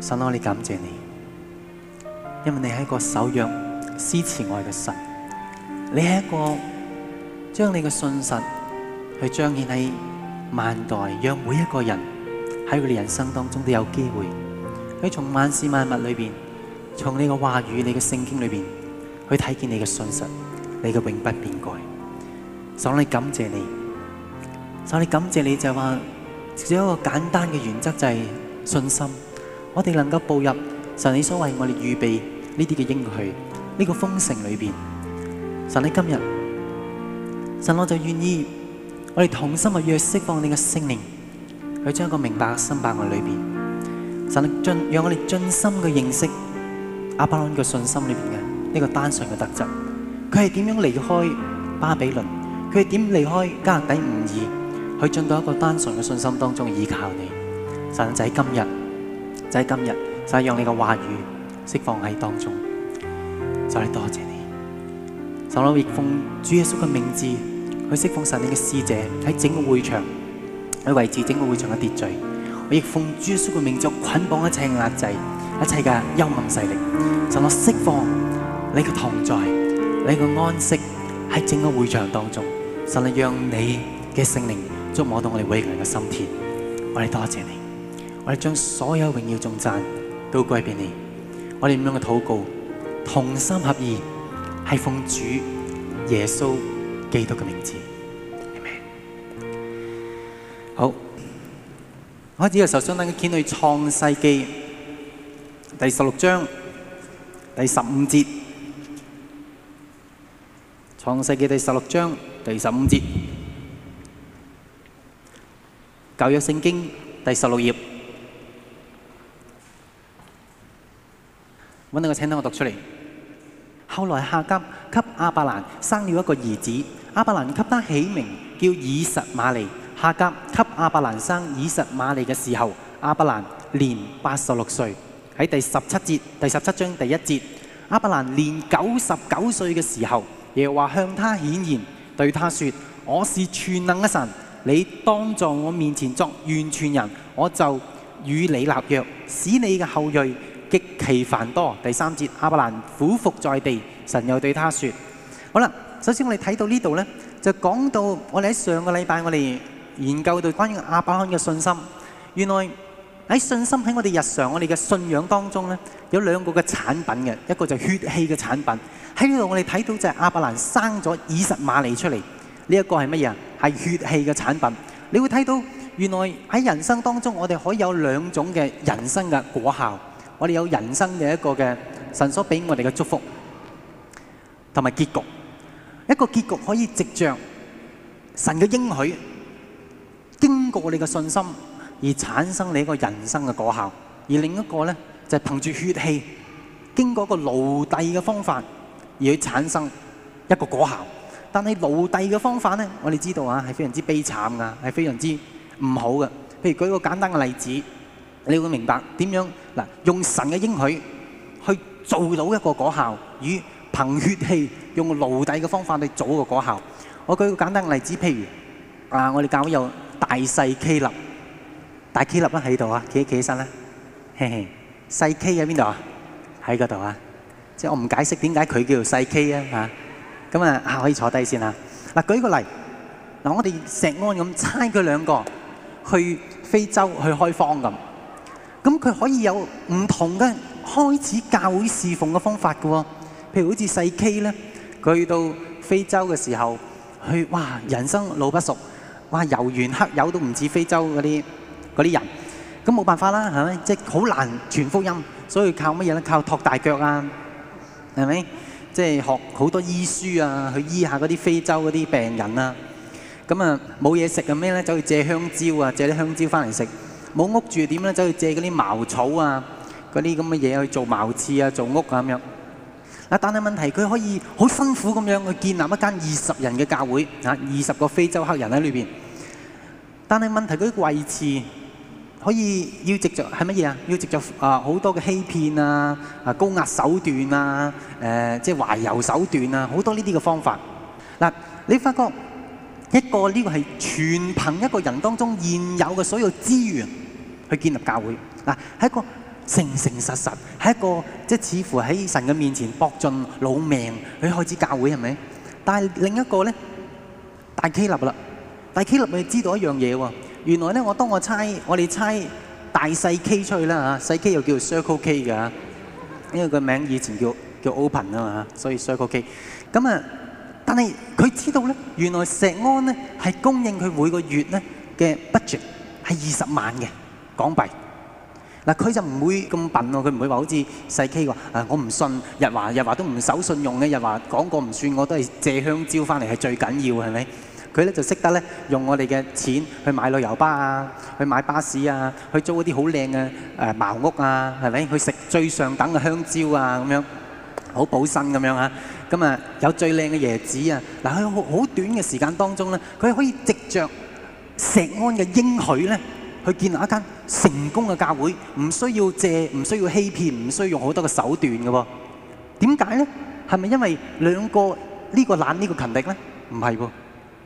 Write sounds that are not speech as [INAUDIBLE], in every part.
神，我哋感謝你，因為你係一個守約、施慈愛嘅神。你係一個將你嘅信實去彰顯喺萬代，讓每一個人喺佢哋人生當中都有機會去從萬事萬物裏邊，從你嘅話語、你嘅聖經裏面去睇見你嘅信實，你嘅永不變改。所以，我哋感謝你。所以，我哋感謝你就係話，只有一個簡單嘅原則就係信心。我哋能夠步入神你所為我哋預備呢啲嘅應許、呢個封城裏邊，神你今日，神我就願意我哋同心嘅釋放你嘅聖靈，去將一個明白嘅心擺喺裏邊。神你進，讓我哋盡心嘅認識亞伯蘭嘅信心裏邊嘅呢個單純嘅特質。佢係點樣離開巴比倫？佢係點離開迦勒底吾珥，去進到一個單純嘅信心當中依靠你。神仔今日。就喺、是、今日，就係讓你嘅話語釋放喺當中。就嚟多謝你，神啊！亦奉主耶穌嘅名字去釋放神你嘅使者喺整個會場，去維持整個會場嘅秩序。我亦奉主耶穌嘅名作，捆綁一切嘅壓制，一切嘅幽暗勢力。神啊！釋放你嘅同在，你嘅安息喺整個會場當中。神啊！讓你嘅聖靈觸摸到我哋每一樣嘅心田。我哋多謝你。我哋將所有榮耀頌讚都歸俾你。我哋咁樣嘅禱告，同心合意，係奉主耶穌基督嘅名字。阿門。好，我開始嘅時候，相當於揭去創世記第十六章第十五節。創世記第十六章第十五節，舊約聖經第十六頁。揾到個請聽，我讀出嚟。後來夏甲給亞伯蘭生了一個兒子，亞伯蘭給他起名叫以實瑪利。夏甲給亞伯蘭生以實瑪利嘅時候，亞伯蘭年八十六歲。喺第十七節、第十七章第一節，亞伯蘭年九十九歲嘅時候，耶華向他顯現，對他說：我是全能嘅神，你當在我面前作完全人，我就與你立約，使你嘅後裔。極其繁多。第三節，亞伯蘭俯伏在地，神又對他說：好啦，首先我哋睇到呢度呢，就講到我哋喺上個禮拜我哋研究到關於亞伯拉罕嘅信心。原來喺信心喺我哋日常我哋嘅信仰當中呢，有兩個嘅產品嘅一個就血氣嘅產品喺呢度。我哋睇到就係亞伯蘭生咗以實瑪利出嚟呢一個係乜嘢？係血氣嘅產品。你會睇到原來喺人生當中，我哋可以有兩種嘅人生嘅果效。我哋有人生嘅一個嘅神所俾我哋嘅祝福，同埋結局。一個結局可以藉着神嘅應許，經過你嘅信心而產生你一個人生嘅果效。而另一個咧就係憑住血氣，經過一個奴隸嘅方法而去產生一個果效。但係奴隸嘅方法咧，我哋知道啊，係非常之悲慘噶，係非常之唔好嘅。譬如舉一個簡單嘅例子。你會明白點樣嗱？用神嘅應許去做到一個果效，與憑血氣用奴隸嘅方法去做個果效。我舉個簡單嘅例子，譬如啊，我哋教會有大細 K 立，大 K 立都喺度啊，企企起身啦，嘿嘿，細 K 喺邊度啊？喺嗰度啊，即係我唔解釋點解佢叫做細 K 啊嚇。咁啊，可以坐低先啦。嗱，舉個例嗱，我哋石安咁猜佢兩個去非洲去開荒咁。咁佢可以有唔同嘅開始教會侍奉嘅方法嘅喎、哦，譬如好似細 K 咧，佢去到非洲嘅時候，去哇人生路不熟，哇遊完黑友都唔似非洲嗰啲嗰啲人，咁冇辦法啦，係咪？即係好難傳福音，所以靠乜嘢咧？靠托大腳啊，係咪？即、就、係、是、學好多醫書啊，去醫下嗰啲非洲嗰啲病人啊，咁啊冇嘢食嘅咩咧，走去借香蕉啊，借啲香蕉翻嚟食。冇屋住點咧？走去借嗰啲茅草啊，嗰啲咁嘅嘢去做茅廁啊，做屋啊咁樣。啊，但係問題佢可以好辛苦咁樣去建立一間二十人嘅教會，啊，二十個非洲黑人喺裏邊。但係問題佢個位置可以要藉著係乜嘢啊？要藉著啊好多嘅欺騙啊、啊高壓手段啊、誒即係懷柔手段啊，好多呢啲嘅方法。嗱，你發覺？一個呢個係全憑一個人當中現有嘅所有資源去建立教會，嗱，係一個誠誠實實，實，係一個即係似乎喺神嘅面前搏盡老命去開始教會係咪？但係另一個咧，大 K 立啦，大 K 立你知道一樣嘢喎，原來咧我當我猜我哋猜大細 K 出去啦吓，細 K 又叫做 circle K 嘅吓，因為個名以前叫叫 open 啊嘛，所以 circle K 咁啊。但係佢知道咧，原來石安咧係供應佢每個月咧嘅 budget 係二十萬嘅港幣。嗱，佢就唔會咁笨喎，佢唔會話好似細 K 話啊，我唔信日華，日華都唔守信用嘅，日華講過唔算，我都係借香蕉翻嚟係最緊要係咪？佢咧就識得咧用我哋嘅錢去買旅遊巴啊，去買巴士啊，去租一啲好靚嘅誒茅屋啊，係咪？去食最上等嘅香蕉啊，咁樣好保身咁樣啊！咁啊，有最靚嘅椰子啊！嗱，喺好短嘅時間當中咧，佢可以藉著石安嘅應許咧，去建立一間成功嘅教會，唔需要借，唔需要欺騙，唔需要用好多嘅手段㗎喎。點解咧？係咪因為兩個呢個懶呢個勤力咧？唔係喎。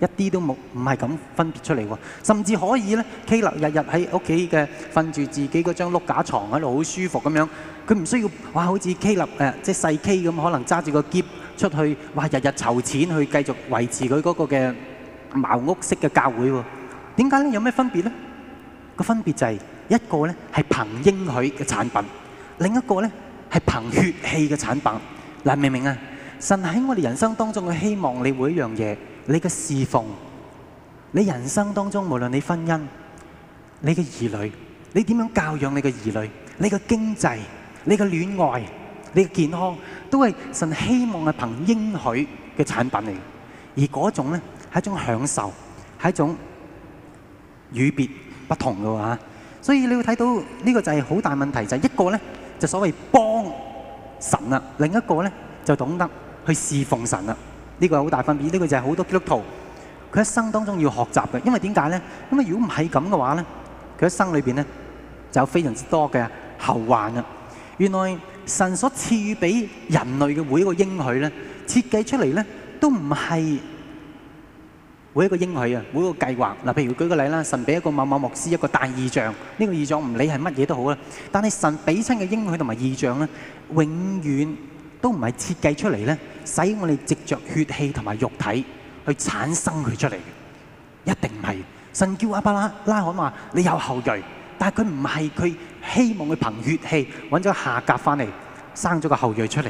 一啲都冇，唔係咁分別出嚟喎。甚至可以咧，K 立日日喺屋企嘅瞓住自己嗰張碌架牀喺度，好舒服咁樣。佢唔需要哇，好似 K 立誒，即係細 K 咁，可能揸住個喼出去，哇，日日籌錢去繼續維持佢嗰個嘅茅屋式嘅教會喎。點解咧？有咩分別咧？個分別就係一個咧係憑應許嘅產品，另一個咧係憑血氣嘅產品。嗱，明唔明啊？神喺我哋人生當中佢希望，你每一樣嘢。你嘅侍奉，你人生當中無論你婚姻、你嘅兒女，你點樣教養你嘅兒女，你嘅經濟、你嘅戀愛、你嘅健康，都係神希望係憑應許嘅產品嚟。而嗰種咧係一種享受，係一種與別不同嘅話，所以你會睇到呢個就係好大問題，就係一個咧就所謂幫神啦，另一個咧就懂得去侍奉神啦。呢個好大分別，呢個就係好多基督徒佢一生當中要學習嘅，因為點解呢？因為如果唔係咁嘅話呢，佢一生裏面就有非常之多嘅後患啊！原來神所賜予人類嘅每一個應許呢，設計出嚟咧都唔係每一個應許啊，每一個計劃。嗱，譬如舉個例啦，神畀一個某某牧師一個大異象，呢個異象唔理係乜嘢都好啦，但係神畀親嘅應許同埋異象呢，永遠。都唔係設計出嚟咧，使我哋藉着血氣同埋肉體去產生佢出嚟嘅，一定係神叫亞伯拉拉罕話：你有後裔，但係佢唔係佢希望佢憑血氣揾咗下格翻嚟生咗個後裔出嚟。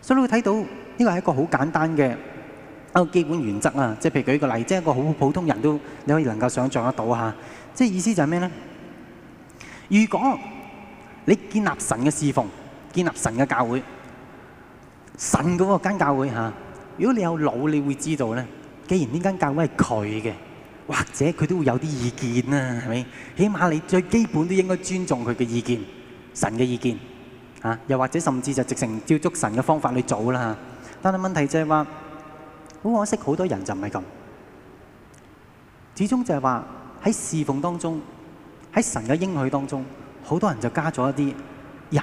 所以你會睇到呢個係一個好簡單嘅一個基本原則啊！即係譬如舉個例，即係一個好普通人都你可以能夠想像得到嚇。即係意思就係咩咧？如果你建立神嘅侍奉，建立神嘅教會。神嗰個間教會嚇，如果你有腦，你會知道咧。既然呢間教會係佢嘅，或者佢都會有啲意見啦，係咪？起碼你最基本都應該尊重佢嘅意見，神嘅意見嚇、啊。又或者甚至就直程照足神嘅方法去做啦、啊。但係問題就係、是、話，好可惜，好多人就唔係咁。始終就係話喺侍奉當中，喺神嘅應許當中，好多人就加咗一啲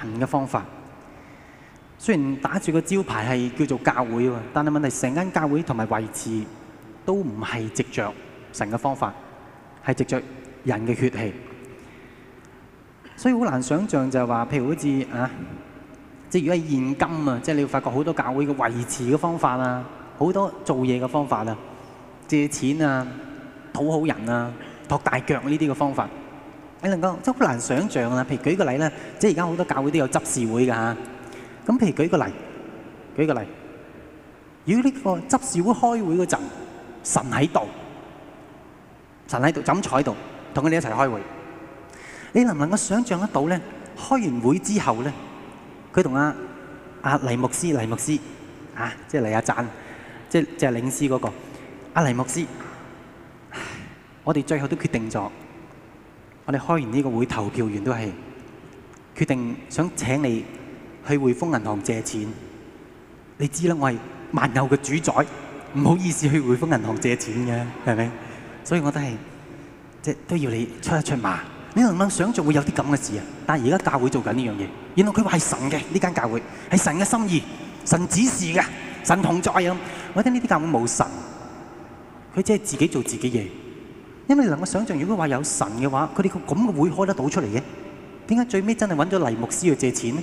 人嘅方法。雖然打住個招牌係叫做教會喎，但係問題成間教會同埋維持都唔係藉著神嘅方法，係藉著人嘅血氣，所以好難想像就係話，譬如好似啊，即係如果係現今啊，即係你要發覺好多教會嘅維持嘅方法啊，好多做嘢嘅方法啊，借錢啊，討好人啊，託大腳呢啲嘅方法，你能夠即係好難想像啊。譬如舉個例咧，即係而家好多教會都有執事會㗎嚇。咁譬如舉個例，舉個例，如果呢個執事會開會嗰陣，神喺度，神喺度，噉坐喺度，同佢哋一齊開會，你能唔能夠想像得到咧？開完會之後咧，佢同阿阿黎牧師、黎牧師啊，即係黎阿贊，即係即係領事嗰、嗰個阿、啊、黎牧師，我哋最後都決定咗，我哋開完呢個會投票完都係決定想請你。去匯豐銀行借錢，你知啦，我係萬有嘅主宰，唔好意思去匯豐銀行借錢嘅，係咪？所以我都係即都要你出一出馬。你能唔能想象會有啲咁嘅事啊？但係而家教會做緊呢樣嘢，原來佢話係神嘅呢間教會，係神嘅心意，神指示嘅，神同在咁。我覺得呢啲教會冇神，佢只係自己做自己嘢。因為你能夠想象，如果話有神嘅話，佢哋個咁嘅會開得到出嚟嘅？點解最尾真係揾咗黎牧師去借錢咧？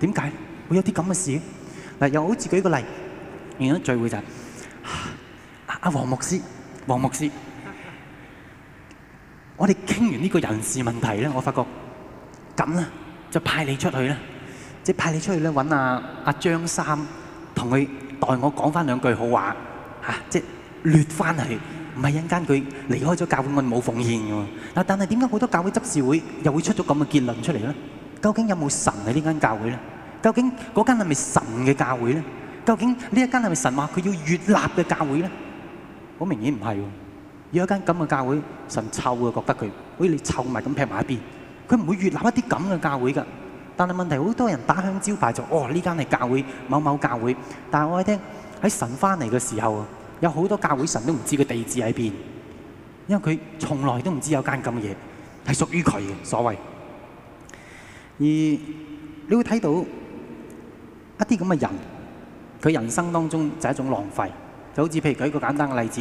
點解會有啲咁嘅事？嗱，又好似舉個例，而家聚會就係阿阿黃牧師、黃牧師，我哋傾完呢個人事問題咧，我發覺咁啦，就派你出去啦，即係派你出去咧，揾阿阿張三，同佢代我講翻兩句好話，吓，即係掠翻去，唔係一陣間佢離開咗教會我冇奉獻嘅喎。嗱，但係點解好多教會執事會又會出咗咁嘅結論出嚟咧？究竟有冇神喺呢間教會咧？究竟嗰間係咪神嘅教會咧？究竟呢一間係咪神話佢要越立嘅教會咧？好明顯唔係，有一間咁嘅教會神臭啊，覺得佢好似你臭物咁劈埋一邊，佢唔會越立一啲咁嘅教會噶。但係問題好多人打響招牌就哦呢間係教會，某某教會。但係我聽喺神翻嚟嘅時候，有好多教會神都唔知佢地址喺邊，因為佢從來都唔知道有間咁嘅嘢係屬於佢嘅所謂。而你會睇到一啲咁嘅人，佢人生當中就係一種浪費，就好似譬如舉個簡單嘅例子，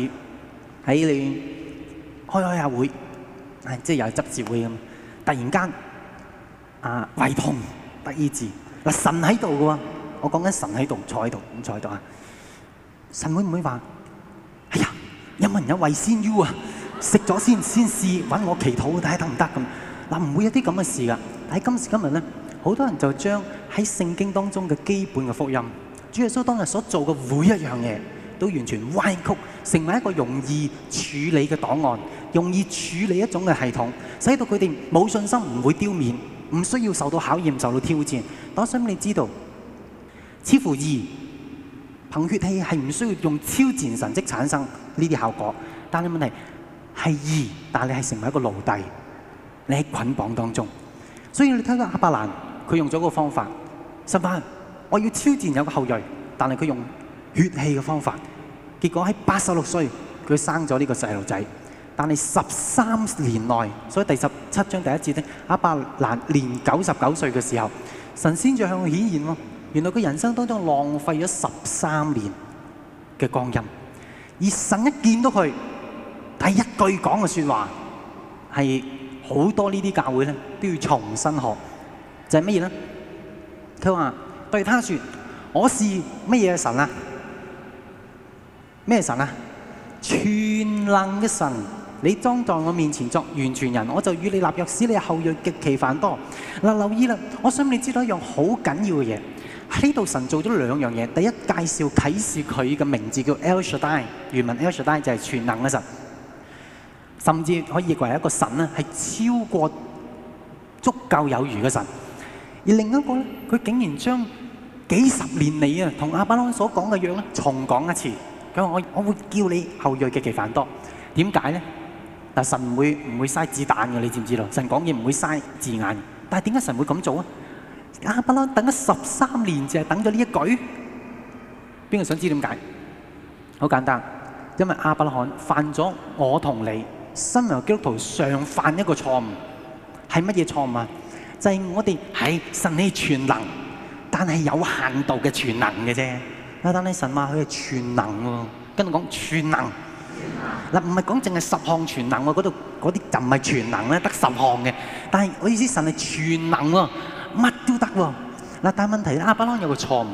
喺你開開下會，即係又執事會咁，突然間胃痛，得、啊、醫治，神喺度里喎，我講緊神喺度坐喺度咁坐喺度，神會唔會話：哎呀，有冇人有胃酸要啊？食咗先先試揾我祈禱睇得唔得？不會，唔會有啲咁嘅事㗎。喺今時今日呢好多人就將喺聖經當中嘅基本嘅福音，主耶穌當日所做嘅每一樣嘢，都完全歪曲，成為一個容易處理嘅檔案，容易處理一種嘅系統，使到佢哋冇信心，唔會丟面，唔需要受到考驗，唔需要受到挑戰。但我想你知道，似乎易憑血氣係唔需要用超自然神蹟產生呢啲效果，但係問題係易，但係你係成為一個奴隸，你喺捆綁當中。所以你睇到阿伯蘭，佢用咗個方法。十八，我要超前有個後裔，但係佢用血氣嘅方法，結果喺八十六歲佢生咗呢個細路仔。但係十三年內，所以第十七章第一節呢，阿伯蘭年九十九歲嘅時候，神先就向佢顯現喎。原來佢人生當中浪費咗十三年嘅光陰，而神一見到佢第一句講嘅説話係。是好多呢啲教會咧都要重新學，就係乜嘢咧？佢話對他說：我是乜嘢神啊？咩神啊？全能嘅神，你裝在我面前作完全人，我就與你立約，使你後裔極其繁多。嗱，留意啦，我想你知道一樣好緊要嘅嘢喺呢度，神做咗兩樣嘢。第一，介紹啟示佢嘅名字叫 El Shaddai，原文 El Shaddai 就係全能嘅神。甚至可以話係一個神咧，係超過足夠有餘嘅神。而另一個咧，佢竟然將幾十年嚟啊，同亞伯拉罕所講嘅約咧，重講一次。佢話，我我會叫你後裔極其繁多。點解咧？嗱，神唔會唔會嘥字眼嘅，你知唔知道？神講嘢唔會嘥字眼。但係點解神會咁做啊？亞伯拉罕等咗十三年，就係等咗呢一句。邊個想知點解？好簡單，因為亞伯拉罕犯咗我同你。新教基督徒上犯一個錯誤，係乜嘢錯誤啊？就係、是、我哋喺神係全能，但係有限度嘅全能嘅啫。但係神話佢係全能喎，跟住講全能，嗱唔係講淨係十項全能喎，嗰度嗰啲就唔係全能咧，得十項嘅。但係我意思是神係全能喎，乜都得喎。嗱，但係問題亞伯拉罕有個錯誤，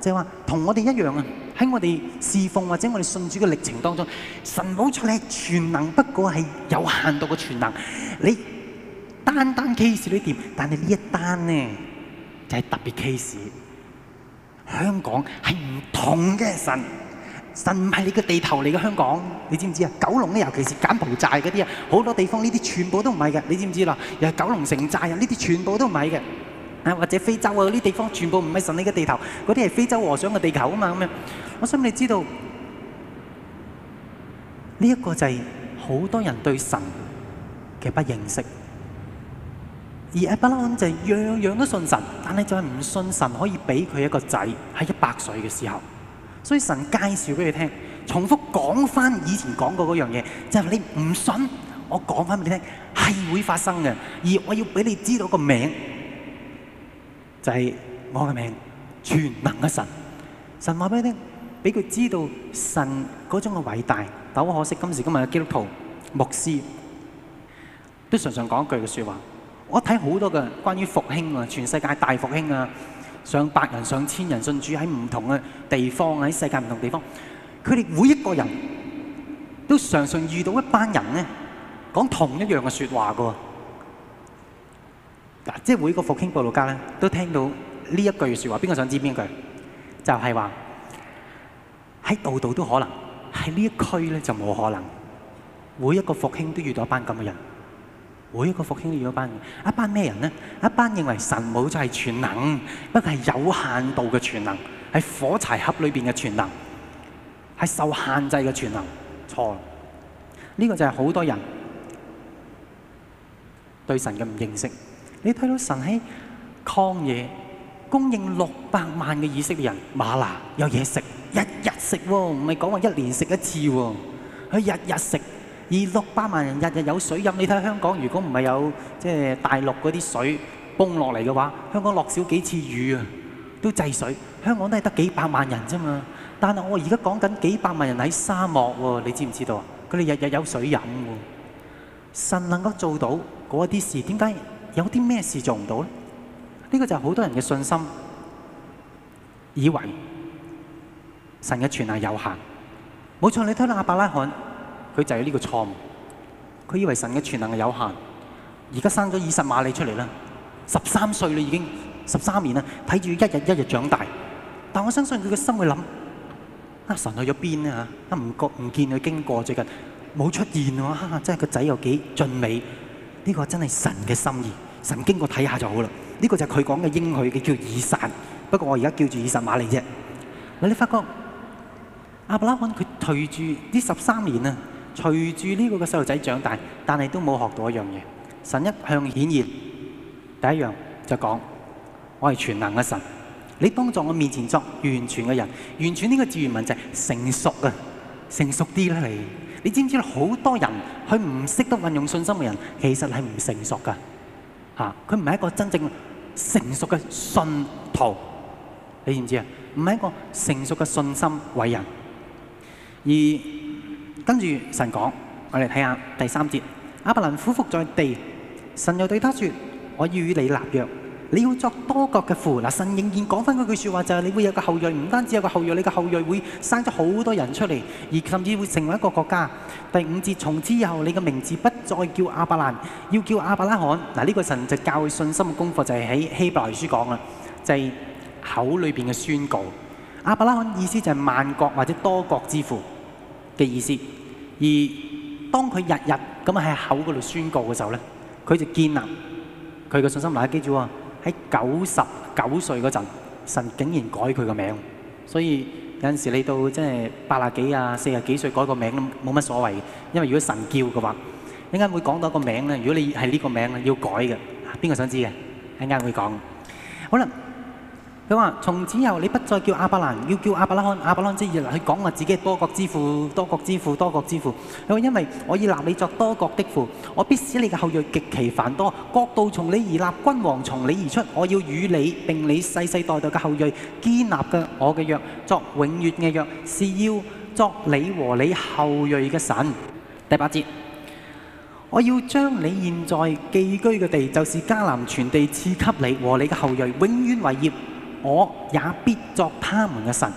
就係話同我哋一樣啊。喺我哋侍奉或者我哋信主嘅歷程當中，神冇錯咧，全能不過係有限度嘅全能。你單單 case 都掂，但係呢一單咧就係、是、特別 case。香港係唔同嘅神，神唔係你嘅地頭嚟嘅。香港，你知唔知啊？九龍咧，尤其是柬埔寨嗰啲啊，好多地方呢啲全部都唔係嘅。你知唔知啦？又係九龍城寨啊，呢啲全部都唔係嘅。啊，或者非洲啊，呢啲地方全部唔係神你嘅地頭，嗰啲係非洲和尚嘅地球啊嘛咁樣。我想你知道呢一個就是好多人對神嘅不認識，而亞伯拉罕就是樣樣都信神，但係就是唔信神可以俾佢一個仔喺一百歲嘅時候，所以神介紹俾你聽，重複講返以前講過嗰樣嘢，就是你唔信，我講翻俾你聽是會發生嘅，而我要俾你知道個名，就是我的名，全能嘅神，神話俾你聽。俾佢知道神嗰種嘅偉大，但好可惜，今時今日嘅基督徒牧師都常常講一句嘅説話。我睇好多嘅關於復興啊，全世界大復興啊，上百人、上千人信主喺唔同嘅地方啊，喺世界唔同地方，佢哋每一個人都常常遇到一班人咧講同一樣嘅説話㗎。嗱，即係每個復興佈道家咧都聽到呢一句説話。邊個想知邊句？就係話。喺度度都可能，喺呢一區咧就冇可能。每一個復興都遇到一班咁嘅人，每一個復興都遇到一班，一班咩人咧？一班認為神冇就係全能，不過係有限度嘅全能，係火柴盒裏邊嘅全能，係受限制嘅全能，錯。呢個就係好多人對神嘅唔認識。你睇到神喺曠野。供應六百萬嘅以色列人，馬拿有嘢食，日日食喎，唔係講話一年食一次喎，佢日日食。而六百萬人日日有水飲，你睇香港如果唔係有即係、就是、大陸嗰啲水泵落嚟嘅話，香港落少幾次雨啊，都滯水。香港都係得幾百萬人啫嘛，但係我而家講緊幾百萬人喺沙漠喎，你知唔知道啊？佢哋日日有水飲喎，神能夠做到嗰啲事，點解有啲咩事做唔到呢？呢、這個就係好多人嘅信心，以為神嘅全能有限。冇錯，你睇下亞伯拉罕，佢就有呢個錯誤。佢以為神嘅全能有限。而家生咗以實瑪利出嚟啦，十三歲啦已經，十三年啦，睇住一日一日長大。但我相信佢嘅心會諗、啊：神去咗邊咧啊？唔覺唔見佢經過最近，冇出現喎。嚇、啊，真係個仔有幾俊美，呢、這個真係神嘅心意。神經過睇下就好啦。呢個就係佢講嘅應許嘅叫以撒，不過我而家叫住以撒馬利啫。嗱，你發覺亞伯拉罕佢隨住呢十三年啊，隨住呢個個細路仔長大，但係都冇學到一樣嘢。神一向顯現第一樣就講：我係全能嘅神，你當作我面前作完全嘅人。完全呢個自然文就係成熟啊，成熟啲啦，你你知唔知好多人佢唔識得運用信心嘅人，其實係唔成熟噶。嚇、啊！佢唔係一個真正成熟嘅信徒，你知唔知啊？唔係一個成熟嘅信心偉人。而跟住神講，我哋睇下第三節，亞伯蘭俯伏在地，神又對他說：我要與你立約。你要作多國嘅父。嗱，神仍然講翻嗰句説話，就係、是、你會有個後裔，唔單止有個後裔，你嘅後裔會生咗好多人出嚟，而甚至會成為一個國家。第五節，從此以後，你嘅名字不再叫亞伯蘭，要叫亞伯拉罕。嗱，呢個神就教會信心嘅功課，就係喺希伯來書講啦，就係、是、口裏邊嘅宣告。亞伯拉罕意思就係萬國或者多國之父嘅意思。而當佢日日咁喺口嗰度宣告嘅時候咧，佢就建立佢嘅信心。嗱，記住喎。喺九十九歲嗰陣，神竟然改佢個名，所以有陣時你到即係八啊幾啊四十幾歲改個名都冇乜所謂，因為如果神叫嘅話，一陣會講到個名咧，如果你係呢個名咧要改嘅，邊個想知嘅？一陣會講，好啦。佢話：從此後，你不再叫亞伯蘭，要叫亞伯拉罕。亞伯拉罕之意，佢講話自己多國之父，多國之父，多國之父。佢話：因為我要立你作多國的父，我必使你嘅後裔極其繁多，國度從你而立，君王從你而出。我要與你並你世世代代嘅後裔建立嘅我嘅約，作永遠嘅約，是要作你和你後裔嘅神。第八節，我要將你現在寄居嘅地，就是迦南全地，賜給你和你嘅後裔，永遠為業。我也必作他們嘅神。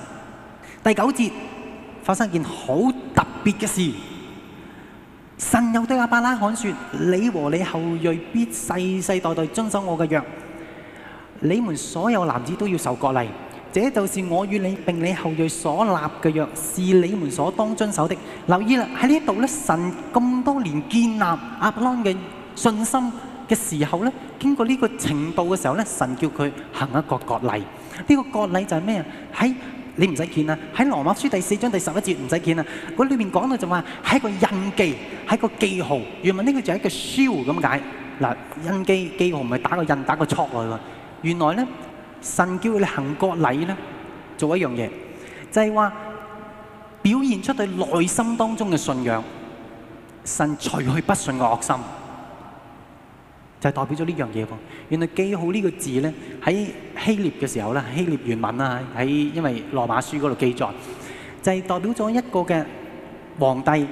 第九節發生件好特別嘅事，神又對亞伯拉罕說：你和你後裔必世世代代代遵守我嘅約，你們所有男子都要受割禮。這就是我與你並你後裔所立嘅約，是你們所當遵守的。留意啦，喺呢度咧，神咁多年建立亞伯拉罕嘅信心，嘅時候咧，經過呢個程度嘅時候咧，神叫佢行一個割禮。呢個割禮就係咩啊？喺你唔使見啊，喺羅馬書第四章第十一節唔使見啊。嗰裏面講到就話係一個印記，係一個記號。原來呢個就係一個燒咁解。嗱，印記記號唔係打個印打個戳來喎。原來咧，神叫你行割禮咧，做一樣嘢，就係話表現出對內心當中嘅信仰。神除去不信嘅惡心。就代表咗呢樣嘢喎。原來記號呢個字咧，喺希臘嘅時候咧，希臘原文啊，喺因為羅馬書嗰度記載，就係代表咗一個嘅皇帝，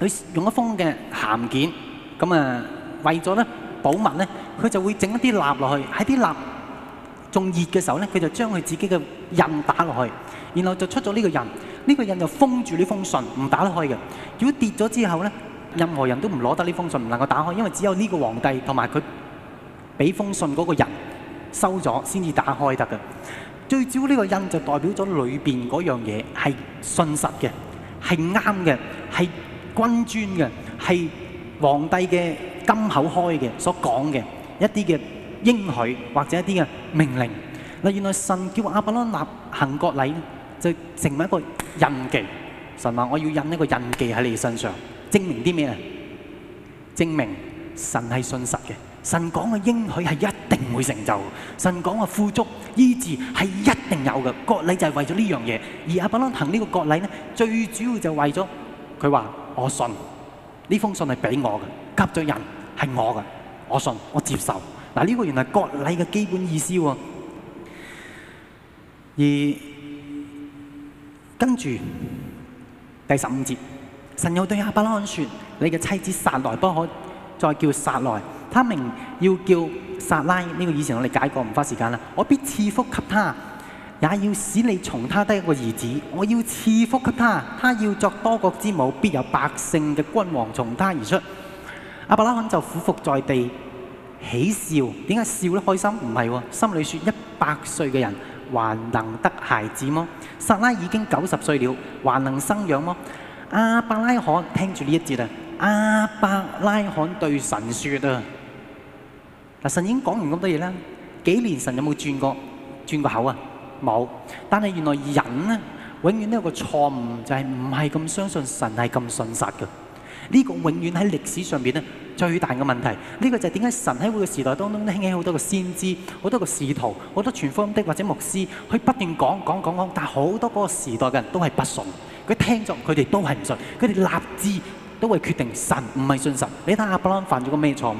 佢用一封嘅函件，咁啊為咗咧保密咧，佢就會整一啲蠟落去，喺啲蠟仲熱嘅時候咧，佢就將佢自己嘅印打落去，然後就出咗呢個印，呢個印就封住呢封信，唔打得開嘅。如果跌咗之後咧，任何人都唔攞得呢封信，唔能夠打開，因為只有呢個皇帝同埋佢俾封信嗰個人收咗先至打開得嘅。最主要呢個印就代表咗裏邊嗰樣嘢係信實嘅，係啱嘅，係君尊嘅，係皇帝嘅金口開嘅所講嘅一啲嘅應許或者一啲嘅命令。嗱，原來神叫亞伯拉罕行割禮，就成為一個印記。神話我要印一個印記喺你身上。證明啲咩啊？證明神係信實嘅，神講嘅應許係一定會成就，神講嘅富足醫治係一定有嘅。割禮就係為咗呢樣嘢，而亞伯拉罕行呢個割禮咧，最主要就係為咗佢話我信呢封信係俾我嘅，給咗人係我嘅，我信我接受。嗱，呢個原來係割禮嘅基本意思喎。而跟住第十五節。神又對亞伯拉罕説：你嘅妻子撒萊不可再叫撒萊，他明要叫撒拉。呢、這個以前我哋解過，唔花時間啦。我必賜福給他，也要使你從他得一個兒子。我要賜福給他，他要作多國之母，必有百姓嘅君王從他而出。亞伯拉罕就俯伏在地，喜笑。點解笑得開心？唔係喎，心裏説：一百歲嘅人還能得孩子麼？撒拉已經九十歲了，還能生養麼？亞伯拉罕聽住呢一節啊！亞伯拉罕對神説啊！嗱，神已經講完咁多嘢啦。幾年神有冇轉過轉過口啊？冇。但係原來人咧，永遠都有個錯誤，就係唔係咁相信神係咁信實㗎。呢個永遠喺歷史上邊咧，最大嘅問題。呢個就係點解神喺每個時代當中都興起好多個先知、好多個使徒、好多傳福音的或者牧師，去不斷講講講講，但係好多嗰個時代嘅人都係不信。佢聽咗，佢哋都係唔信，佢哋立志都會決定神唔係信神。你睇亞伯拉罕犯咗個咩錯誤？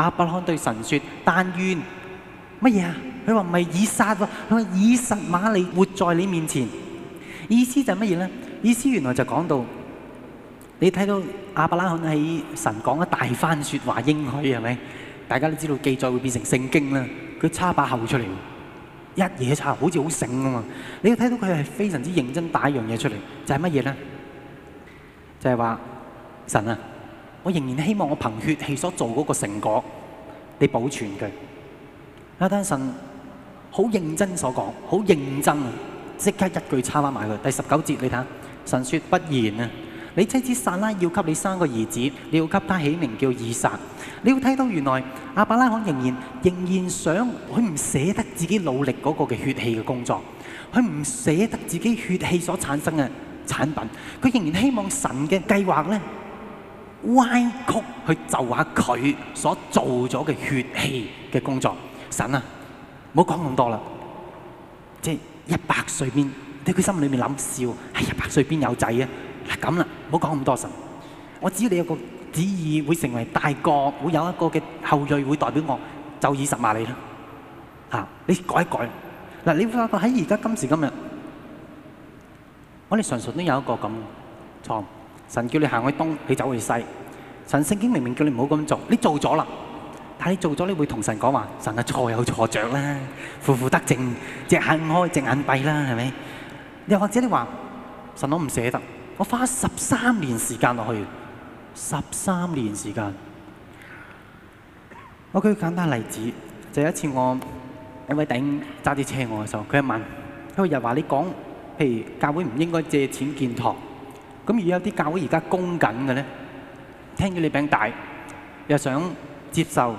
亞伯拉罕對神説，但願乜嘢啊？佢話唔係以撒喎，佢話以實瑪利活在你面前。意思就係乜嘢咧？意思原來就講到，你睇到亞伯拉罕喺神講一大番説話應許係咪？大家都知道記載會變成聖經啦。佢差把口出嚟。一嘢插，好似好醒咁啊！你要睇到佢係非常之認真打一樣嘢出嚟，就係乜嘢呢？就係、是、話神啊，我仍然希望我憑血氣所做嗰個成果，你保存佢。啊，但神好認真所講，好認真，即刻一句插翻埋佢。第十九節，你睇，神說不然。你妻子撒拉要給你三個兒子，你要給他起名叫以撒。你要睇到原來亞伯拉罕仍然仍然想，佢唔捨得自己努力嗰個嘅血氣嘅工作，佢唔捨得自己血氣所產生嘅產品，佢仍然希望神嘅計劃咧，彎曲去就下佢所做咗嘅血氣嘅工作。神啊，唔好講咁多啦，即係一百歲邊，喺佢心裏面諗笑，係，哎，一百歲邊有仔啊？咁啦，唔好講咁多神。我只要你有個旨意會成為大國，會有一個嘅後裔會代表我，就以十萬你啦。啊，你改一改。嗱，你會發覺喺而家今時今日，我哋常常都有一個咁嘅錯。神叫你行去東，你走去西。神聖經明明叫你唔好咁做，你做咗啦。但係你做咗，你會同神講話，神啊，錯有錯着，啦，負負得正，隻眼開隻眼閉啦，係咪？又或者你話神都唔捨得。我花十三年時間落去，十三年時間。我舉簡單的例子，就是、有一次我有位一位頂揸啲車我嘅時候，佢係問，佢又話你講，譬如教會唔應該借錢建堂，咁如果有啲教會而家供緊嘅咧，聽咗你餅大，又想接受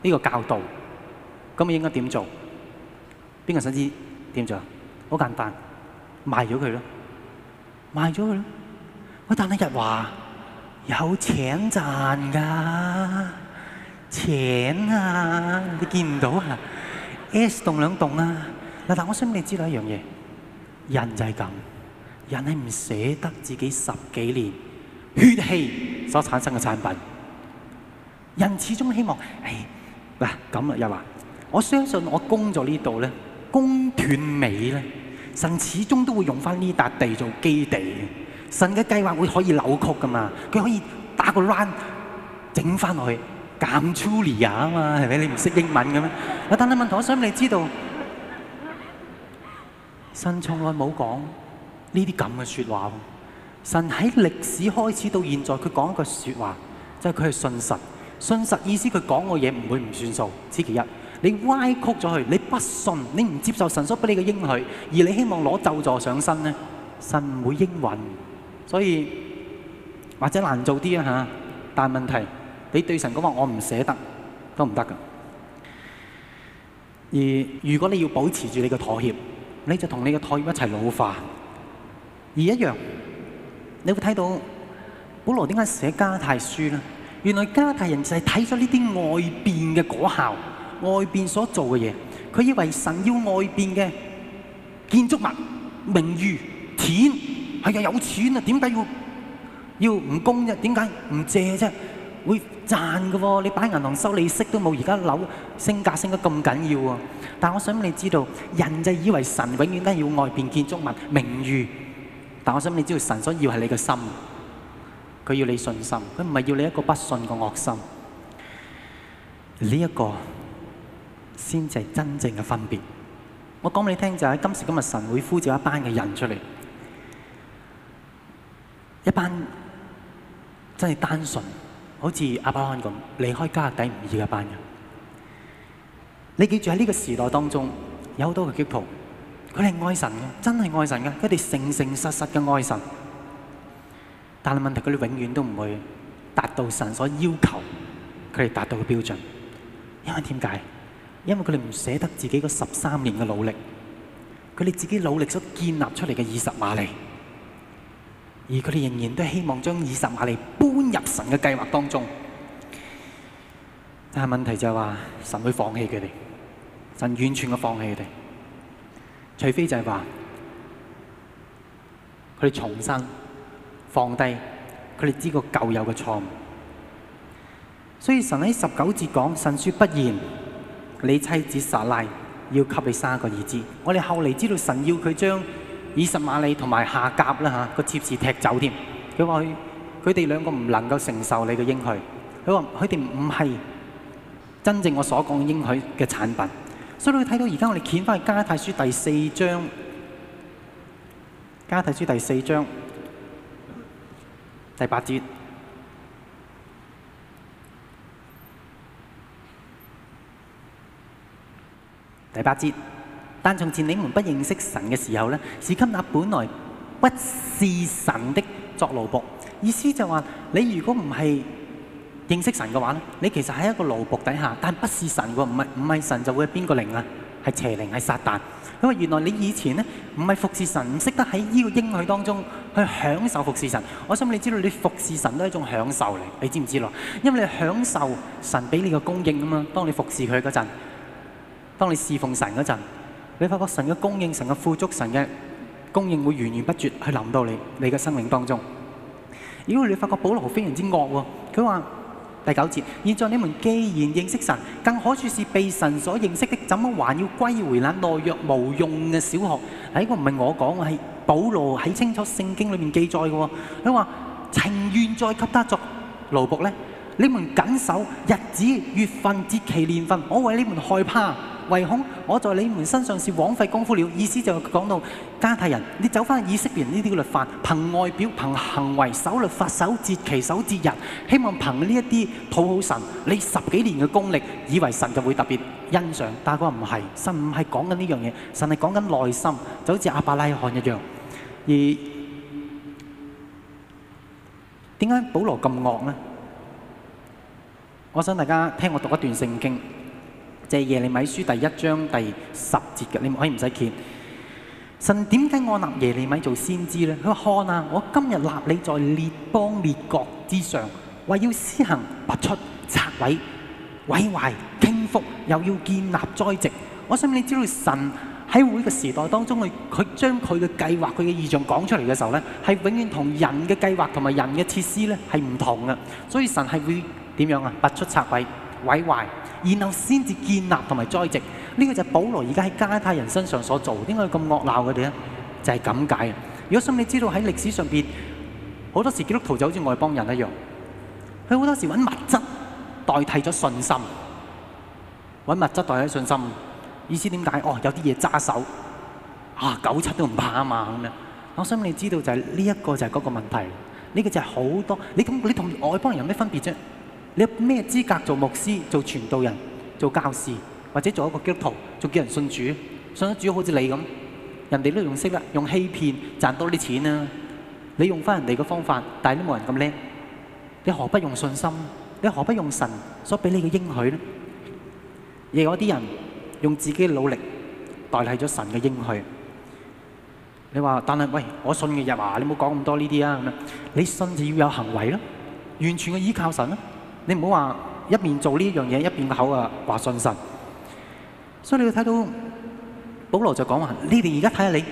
呢個教導，咁你應該點做？邊個想知點做？好簡單，賣咗佢咯。賣咗佢咯！我但係日華有錢賺噶，錢啊，你見唔到啊？S 棟兩棟啊！嗱，但我想你知道一樣嘢，人就係咁，人係唔捨得自己十幾年血氣所產生嘅產品。人始終希望，誒，嗱咁啊日華，我相信我供咗呢度咧，供斷尾咧。神始終都會用翻呢笪地做基地。神嘅計劃會可以扭曲噶嘛？佢可以打個 round 整翻落去，咁 Julia 啊嘛，係咪？你唔識英文嘅咩？我但係問題，我想你知道神從來冇講呢啲咁嘅説話。神喺歷史開始到現在，佢講一句説話，即係佢係信實。信實意思佢講嘅嘢唔會唔算數，此其一。你歪曲咗佢，你不信，你唔接受神所畀你嘅應許，而你希望攞咒助上身咧，神唔會應允。所以或者難做啲啊吓，但係問題你對神講話，我唔捨得，都唔得噶。而如果你要保持住你嘅妥協，你就同你嘅妥協一齊老化。而一樣，你會睇到保羅點解寫加泰書咧？原來加泰人就係睇咗呢啲外邊嘅果效。外邊所做嘅嘢，佢以為神要外邊嘅建築物、名譽、錢，係啊有錢啊，點解要要唔供啫？點解唔借啫？會賺嘅喎，你擺銀行收利息都冇，而家樓升價升得咁緊要啊！但係我想俾你知道，人就以為神永遠都係要外邊建築物、名譽。但係我想俾你知道，神所要係你嘅心，佢要你信心，佢唔係要你一個不信個惡心。呢一個。先至係真正嘅分別。我講俾你聽，就是，就喺今時今日，神會呼召一班嘅人出嚟，一班真係單純，好似亞伯拉罕咁離開家底唔易嘅一班人。你記住喺呢個時代當中，有好多嘅基督徒，佢哋愛神嘅，真係愛神嘅，佢哋誠誠實實嘅愛神。但係問題，佢哋永遠都唔會達到神所要求佢哋達到嘅標準，因為點解？因為佢哋唔捨得自己嗰十三年嘅努力，佢哋自己努力所建立出嚟嘅以實瑪利，而佢哋仍然都希望將以實瑪利搬入神嘅計劃當中。但係問題就係話，神會放棄佢哋，神完全嘅放棄佢哋，除非就係話佢哋重生，放低佢哋知個舊有嘅錯誤。所以神喺十九節講，神說不然。你妻子撒拉要給你生一個兒子。我哋後嚟知道神要佢將以實瑪利同埋夏甲啦，嚇個妾侍踢走添。佢話佢，佢哋兩個唔能夠承受你嘅應許。佢話佢哋唔係真正我所講應許嘅產品。所以你會睇到而家我哋掀返去加泰書第四章，加泰書第四章第八節。第八節，但從前你們不認識神嘅時候呢，是給那本來不是神的作奴僕。意思就係話，你如果唔係認識神嘅話呢，你其實喺一個奴僕底下，但不是神嘅，唔係唔係神就會係邊個靈啊？係邪靈，係撒但。因為原來你以前呢，唔係服侍神，唔識得喺呢個應許當中去享受服侍神。我想你知道，你服侍神都係一種享受嚟，你知唔知咯？因為你享受神俾你嘅供應啊嘛。當你服侍佢嗰陣。當你侍奉神嗰陣，你發覺神嘅供應、神嘅富足、神嘅供應會源源不絕去臨到你你嘅生命當中。如果你發覺保羅非常之惡喎，佢話第九節，現在你們既然認識神，更可說是被神所認識的，怎麼還要歸回那懦弱無用嘅小學，哎，呢個唔係我講，係保羅喺清楚聖經裏面記載嘅。佢話情願再給他作奴僕呢，你們謹守日子、月份、節期、年份，我為你們害怕。唯恐我在你們身上是枉費功夫了。意思就講到加太人，你走翻以色列呢啲律法，憑外表、憑行為守律法、守節期、守節日，希望憑呢一啲討好神。你十幾年嘅功力，以為神就會特別欣賞。但係佢話唔係，神唔係講緊呢樣嘢，神係講緊內心，就好似亞伯拉罕一樣。而點解保羅咁惡呢？我想大家聽我讀一段聖經。謝耶利米書第一章第十節嘅，你可以唔使揭。神點解我立耶利米做先知呢？佢話看啊，我今日立你在列邦列國之上，為要施行拔出拆毀毀壞傾覆，又要建立栽植。我相信你知道神喺每個時代當中去，佢將佢嘅計劃、佢嘅異象講出嚟嘅時候呢，係永遠同人嘅計劃同埋人嘅設施呢係唔同嘅。所以神係會點樣啊？拔出拆毀。毀壞，然後先至建立同埋栽植。呢個就係保羅而家喺加太人身上所做，點解咁惡鬧佢哋咧？就係咁解。如果想你知道喺歷史上邊，好多時基督徒就好似外邦人一樣，佢好多時揾物質代替咗信心，揾物質代替咗信心。意思點解？哦，有啲嘢揸手，啊，九七都唔怕啊嘛咁啦。我想你知道就係呢一個就係嗰個問題，呢個就係好多，你咁你同外邦人有咩分別啫？你有咩資格做牧師、做傳道人、做教士，或者做一個基督徒，做叫人信主？信咗主好似你咁，人哋都用識啦，用欺騙賺多啲錢啦、啊。你用返人哋嘅方法，但係都冇人咁叻。你何不用信心？你何不用神所俾你嘅應許呢？亦有啲人用自己嘅努力代替咗神嘅應許。你話但係喂，我信嘅話啊，你唔好講咁多呢啲啊。咁樣你信就要有行為咯，完全嘅依靠神你唔好話一面做呢樣嘢，一面個口啊話信神。所以你要睇到保羅就講話，你而家睇下你，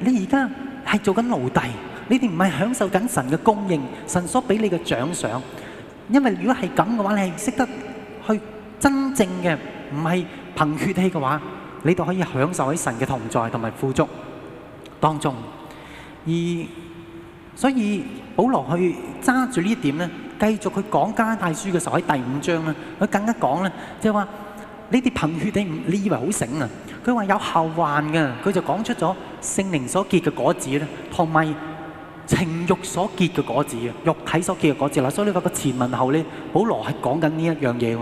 你而家係做緊奴隸，你哋唔係享受緊神的供應，神所給你的獎賞。因為如果係咁嘅話，你係識得去真正嘅唔係憑血氣嘅話，你就可以享受喺神嘅同在同埋富足當中。而所以保羅去揸住呢點呢繼續佢講加拉太書嘅時候喺第五章啦，佢更加講咧，即係話你哋憑血你唔，你以為好醒啊？佢話有後患嘅，佢就講出咗聖靈所結嘅果子咧，同埋情欲所結嘅果子啊，肉體所結嘅果子啦，所以呢個個前文後咧，保羅係講緊呢一樣嘢喎，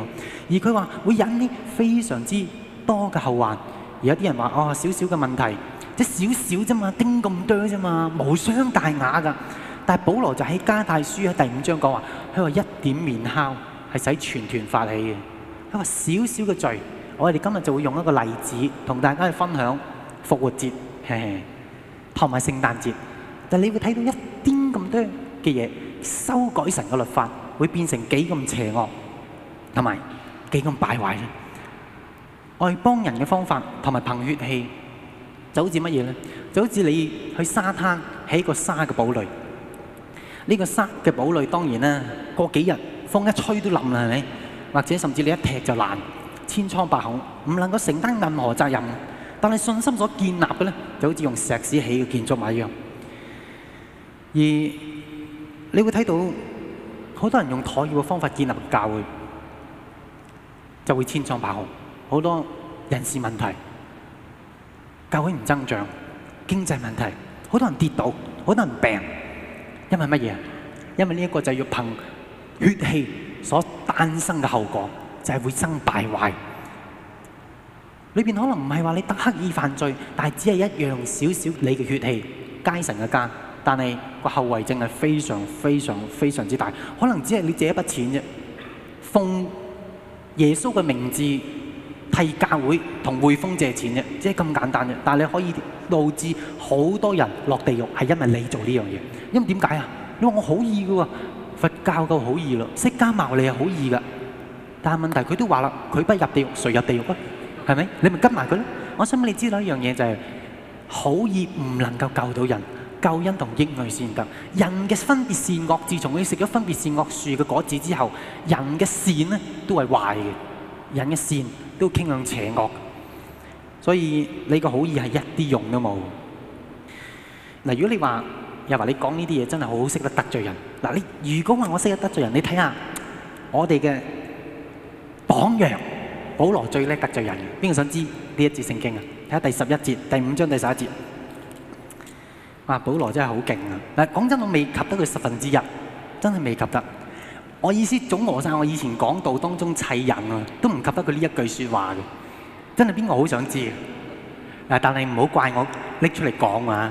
而佢話會引起非常之多嘅後患，而有啲人話哦少少嘅問題，即係少少啫嘛，丁咁多啫嘛，無傷大雅噶。但係保羅就喺加拉太書第五章講話，佢話一點麵酵，係使全團發起嘅。佢話小小嘅罪，我哋今日就會用一個例子同大家去分享復活節，同埋聖誕節。但你會睇到一啲咁多嘅嘢，修改神的律法會變成幾咁邪惡，同埋幾咁敗壞咧。外邦人的方法同埋憑血氣，就好似乜嘢咧？就好似你去沙灘起一個沙的堡壘。呢、這個沙嘅堡壘當然啦，過幾日風一吹都冧啦，係咪？或者甚至你一踢就爛，千瘡百孔，唔能夠承擔任何責任。但係信心所建立嘅呢，就好似用石屎起嘅建築物一樣。而你會睇到好多人用妥協嘅方法建立教會，就會千瘡百孔，好多人事問題，教會唔增長，經濟問題，好多人跌倒，好多人病。因為乜嘢？因為呢一個就係要憑血氣所誕生嘅後果，就係會生敗壞。裏邊可能唔係話你得刻意犯罪，但係只係一樣少少你嘅血氣階層嘅間，但係個後遺症係非常非常非常之大。可能只係你借一筆錢啫，奉耶穌嘅名字替教會同匯豐借錢啫，即係咁簡單嘅。但係你可以導致好多人落地獄，係因為你做呢樣嘢。因為點解啊？你話我好意嘅喎，佛教夠好意咯，釋迦牟尼係好意噶。但係問題佢都話啦，佢不入地獄，誰入地獄啊？係咪？你咪跟埋佢咯。我想問你知道一樣嘢就係，好意唔能夠救到人，救恩同恩愛先得。人嘅分別善惡，自從佢食咗分別善惡樹嘅果子之後，人嘅善咧都係壞嘅，人嘅善都傾向邪惡。所以你個好意係一啲用都冇。嗱，如果你話，又話你講呢啲嘢真係好識得得罪人嗱！你如果話我識得得罪人，你睇下我哋嘅榜樣保羅最叻得罪人嘅，邊個想知呢一節聖經啊？睇下第十一節第五章第十一節啊！保羅真係好勁啊！嗱，講真我未及得佢十分之一，真係未及得。我意思總和晒我以前講道當中砌人啊，都唔及得佢呢一句説話嘅。真係邊個好想知啊？但係唔好怪我拎出嚟講啊！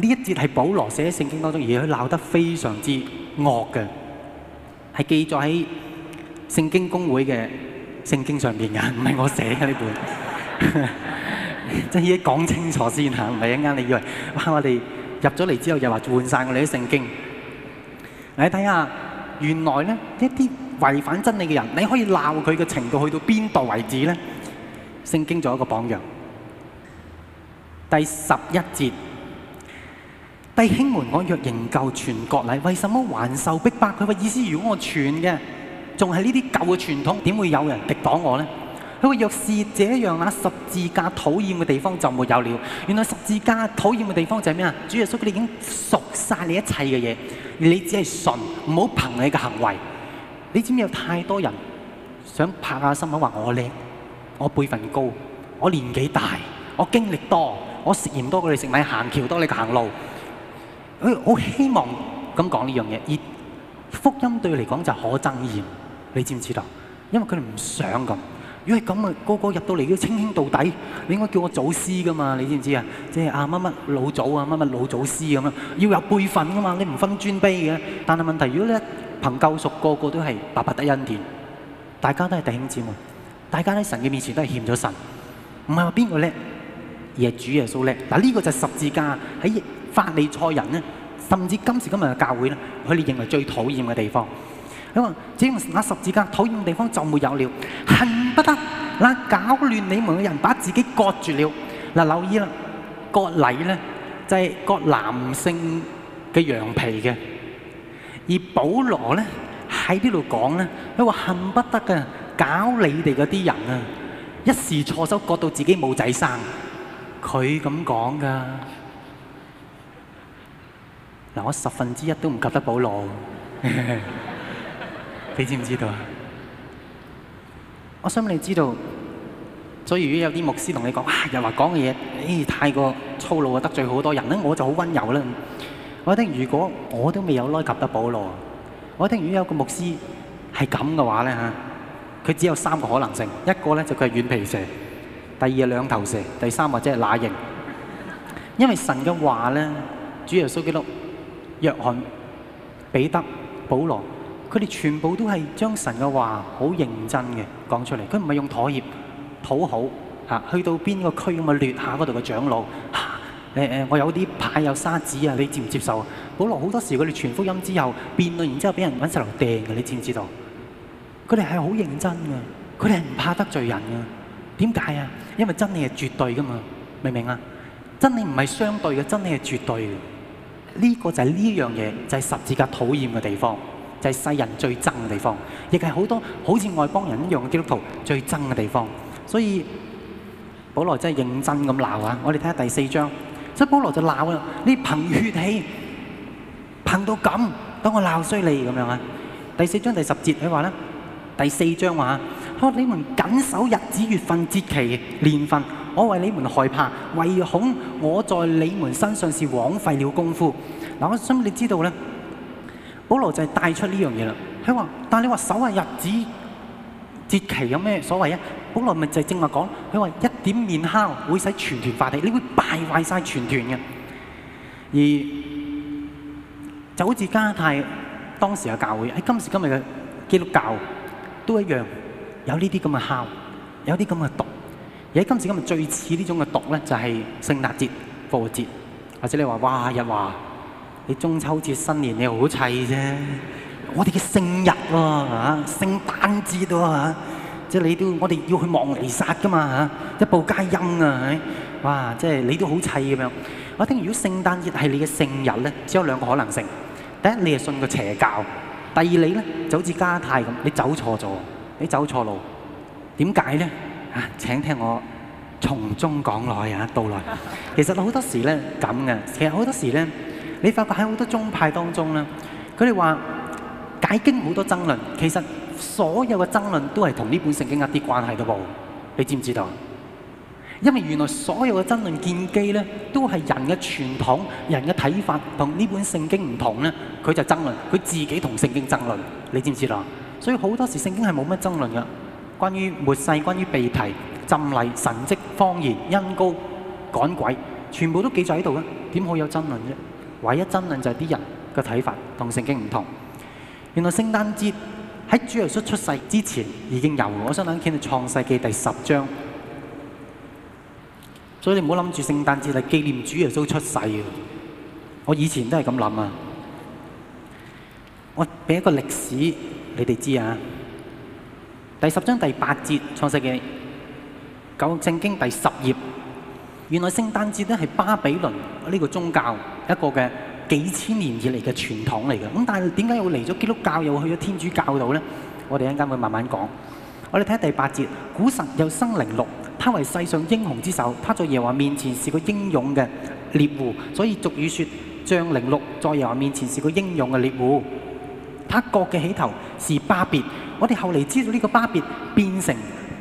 呢一節係保羅寫喺聖經當中，而且佢鬧得非常之惡嘅，係記載喺聖經公會嘅聖經上邊嘅，唔係我寫嘅呢本。即係講清楚先吓，唔係一啱你以為哇！我哋入咗嚟之後又話換晒我哋啲聖經。你睇下，原來呢一啲違反真理嘅人，你可以鬧佢嘅程度去到邊度為止咧？聖經做一個榜樣，第十一節。弟兄們，我若仍舊傳割禮，為什麼還受逼迫？佢話意思：如果我傳嘅仲係呢啲舊嘅傳統，點會有人敵擋我呢？佢話：若是這樣話，十字架討厭嘅地方就沒有了。原來十字架討厭嘅地方就係咩啊？主耶穌佢哋已經贖晒你一切嘅嘢，你只係信，唔好憑你嘅行為。你知唔知有太多人想拍下心口話我叻，我輩分高，我年紀大，我經歷多，我食鹽多，過你食米行橋多，你行路。佢好希望咁講呢樣嘢，而福音對佢嚟講就係可憎厭，你知唔知道？因為佢哋唔想咁。如果係咁啊，個個入到嚟都要清清到底，你應該叫我祖師噶嘛？你知唔知啊？即係啊乜乜老祖啊乜乜老祖師咁啊，要有輩份噶嘛？你唔分尊卑嘅。但係問題，如果你憑救贖，個個都係白白得恩典，大家都係弟兄姊妹，大家喺神嘅面前都係欠咗神，唔係話邊個叻，而係主耶穌叻。嗱呢個就係十字架喺。法利賽人咧，甚至今時今日嘅教會咧，佢哋認為最討厭嘅地方，因為只用那十字架，討厭嘅地方就沒有了。恨不得嗱搞亂你們嘅人，把自己割住了。嗱留意啦，割禮咧就係割男性嘅羊皮嘅。而保羅咧喺呢度講咧，佢話恨不得㗎搞你哋嗰啲人啊，一時錯手割到自己冇仔生，佢咁講噶。我十分之一都唔及得保羅， [LAUGHS] 你知唔知道啊？我想問你知道，所以如果有啲牧師同你講又、啊、話講嘅嘢，太過粗魯，得罪好多人，我就好溫柔啦。我聽如果我都未有耐及得保羅，我聽如果有個牧師係咁嘅話呢，佢只有三個可能性，一個呢，就佢係軟皮蛇，第二係兩頭蛇，第三或者係乸型。因為神嘅話呢，主耶穌基督。約翰、彼得、保羅，佢哋全部都係將神嘅話好認真嘅講出嚟。佢唔係用妥協、討好，吓去到邊個區咁啊，掠下嗰度嘅長老，誒、啊、我有啲牌有沙子你接唔接受？保羅好多時候佢哋傳福音之後辯論，然之後俾人揾石頭掟嘅，你知唔知道？佢哋係好認真㗎，佢哋係唔怕得罪人㗎。點解啊？因為真理係絕對噶嘛，明唔明啊？真理唔係相對嘅，真理係絕對嘅。呢個就係呢樣嘢，就係十字架討厭嘅地方，就係世人最憎嘅地方，亦係好多好似外邦人一樣基督徒最憎嘅地方。所以保羅真係認真咁鬧啊！我哋睇下第四章，所以保羅就鬧啊！你憑血氣，憑到咁，等我鬧衰你咁樣啊！第四章第十節，佢話咧，第四章話，我你們謹守日子、月份、節期、年份。我為你們害怕，唯恐我在你們身上是枉費了功夫。嗱，我想你知道呢，保羅就係帶出呢樣嘢啦。佢話，但係你話守吓日子節期有咩所謂啊？保羅咪就係正話講，佢話一點麵酵會使全團發裂，你會敗壞晒全團嘅。而就好似加泰當時嘅教會喺今時今日嘅基督教都一樣，有呢啲咁嘅酵，有啲咁嘅毒。而喺今時今日最似呢種嘅毒呢，就係、是、聖誕節、復活節，或者你話哇日華，你中秋節、新年你好砌啫。我哋嘅聖日喎、啊啊、聖誕節喎、啊啊、即你都我哋要去望彌撒㗎嘛一步皆布因啊，街啊哇你都好砌咁樣。我聽如果聖誕節係你嘅聖日呢，只有兩個可能性：第一，你係信個邪教；第二，你呢，就好似加泰咁，你走錯咗，你走錯路。點解呢？啊，請聽我從中講來啊，到來。其實好多時咧咁嘅，其實好多時咧，你發覺喺好多宗派當中咧，佢哋話解經好多爭論，其實所有嘅爭論都係同呢本聖經一啲關係都冇。你知唔知道？因為原來所有嘅爭論建基咧，都係人嘅傳統、人嘅睇法同呢本聖經唔同咧，佢就爭論，佢自己同聖經爭論。你知唔知道？所以好多時聖經係冇乜爭論噶。關於末世、關於被提、浸禮、神蹟、方言、恩膏、趕鬼，全部都記載喺度嘅，點好有爭論啫？唯一爭論就係啲人個睇法同聖經唔同。原來聖誕節喺主耶穌出世之前已經有，我想睇一睇創世記第十章。所以你唔好諗住聖誕節係紀念主耶穌出世啊！我以前都係咁諗啊！我俾一個歷史你哋知啊！第十章第八節，創世記九，聖經第十頁，原來聖誕節咧，係巴比倫呢個宗教一個嘅幾千年以嚟嘅傳統嚟嘅。咁但係點解又嚟咗基督教又去咗天主教度咧？我哋一陣間會慢慢講。我哋睇下第八節，古神又生靈六，他為世上英雄之首，他在耶和華面前是個英勇嘅獵戶，所以俗語說：像靈六在耶和華面前是個英勇嘅獵戶。他國嘅起頭是巴別。我哋後嚟知道呢個巴別變成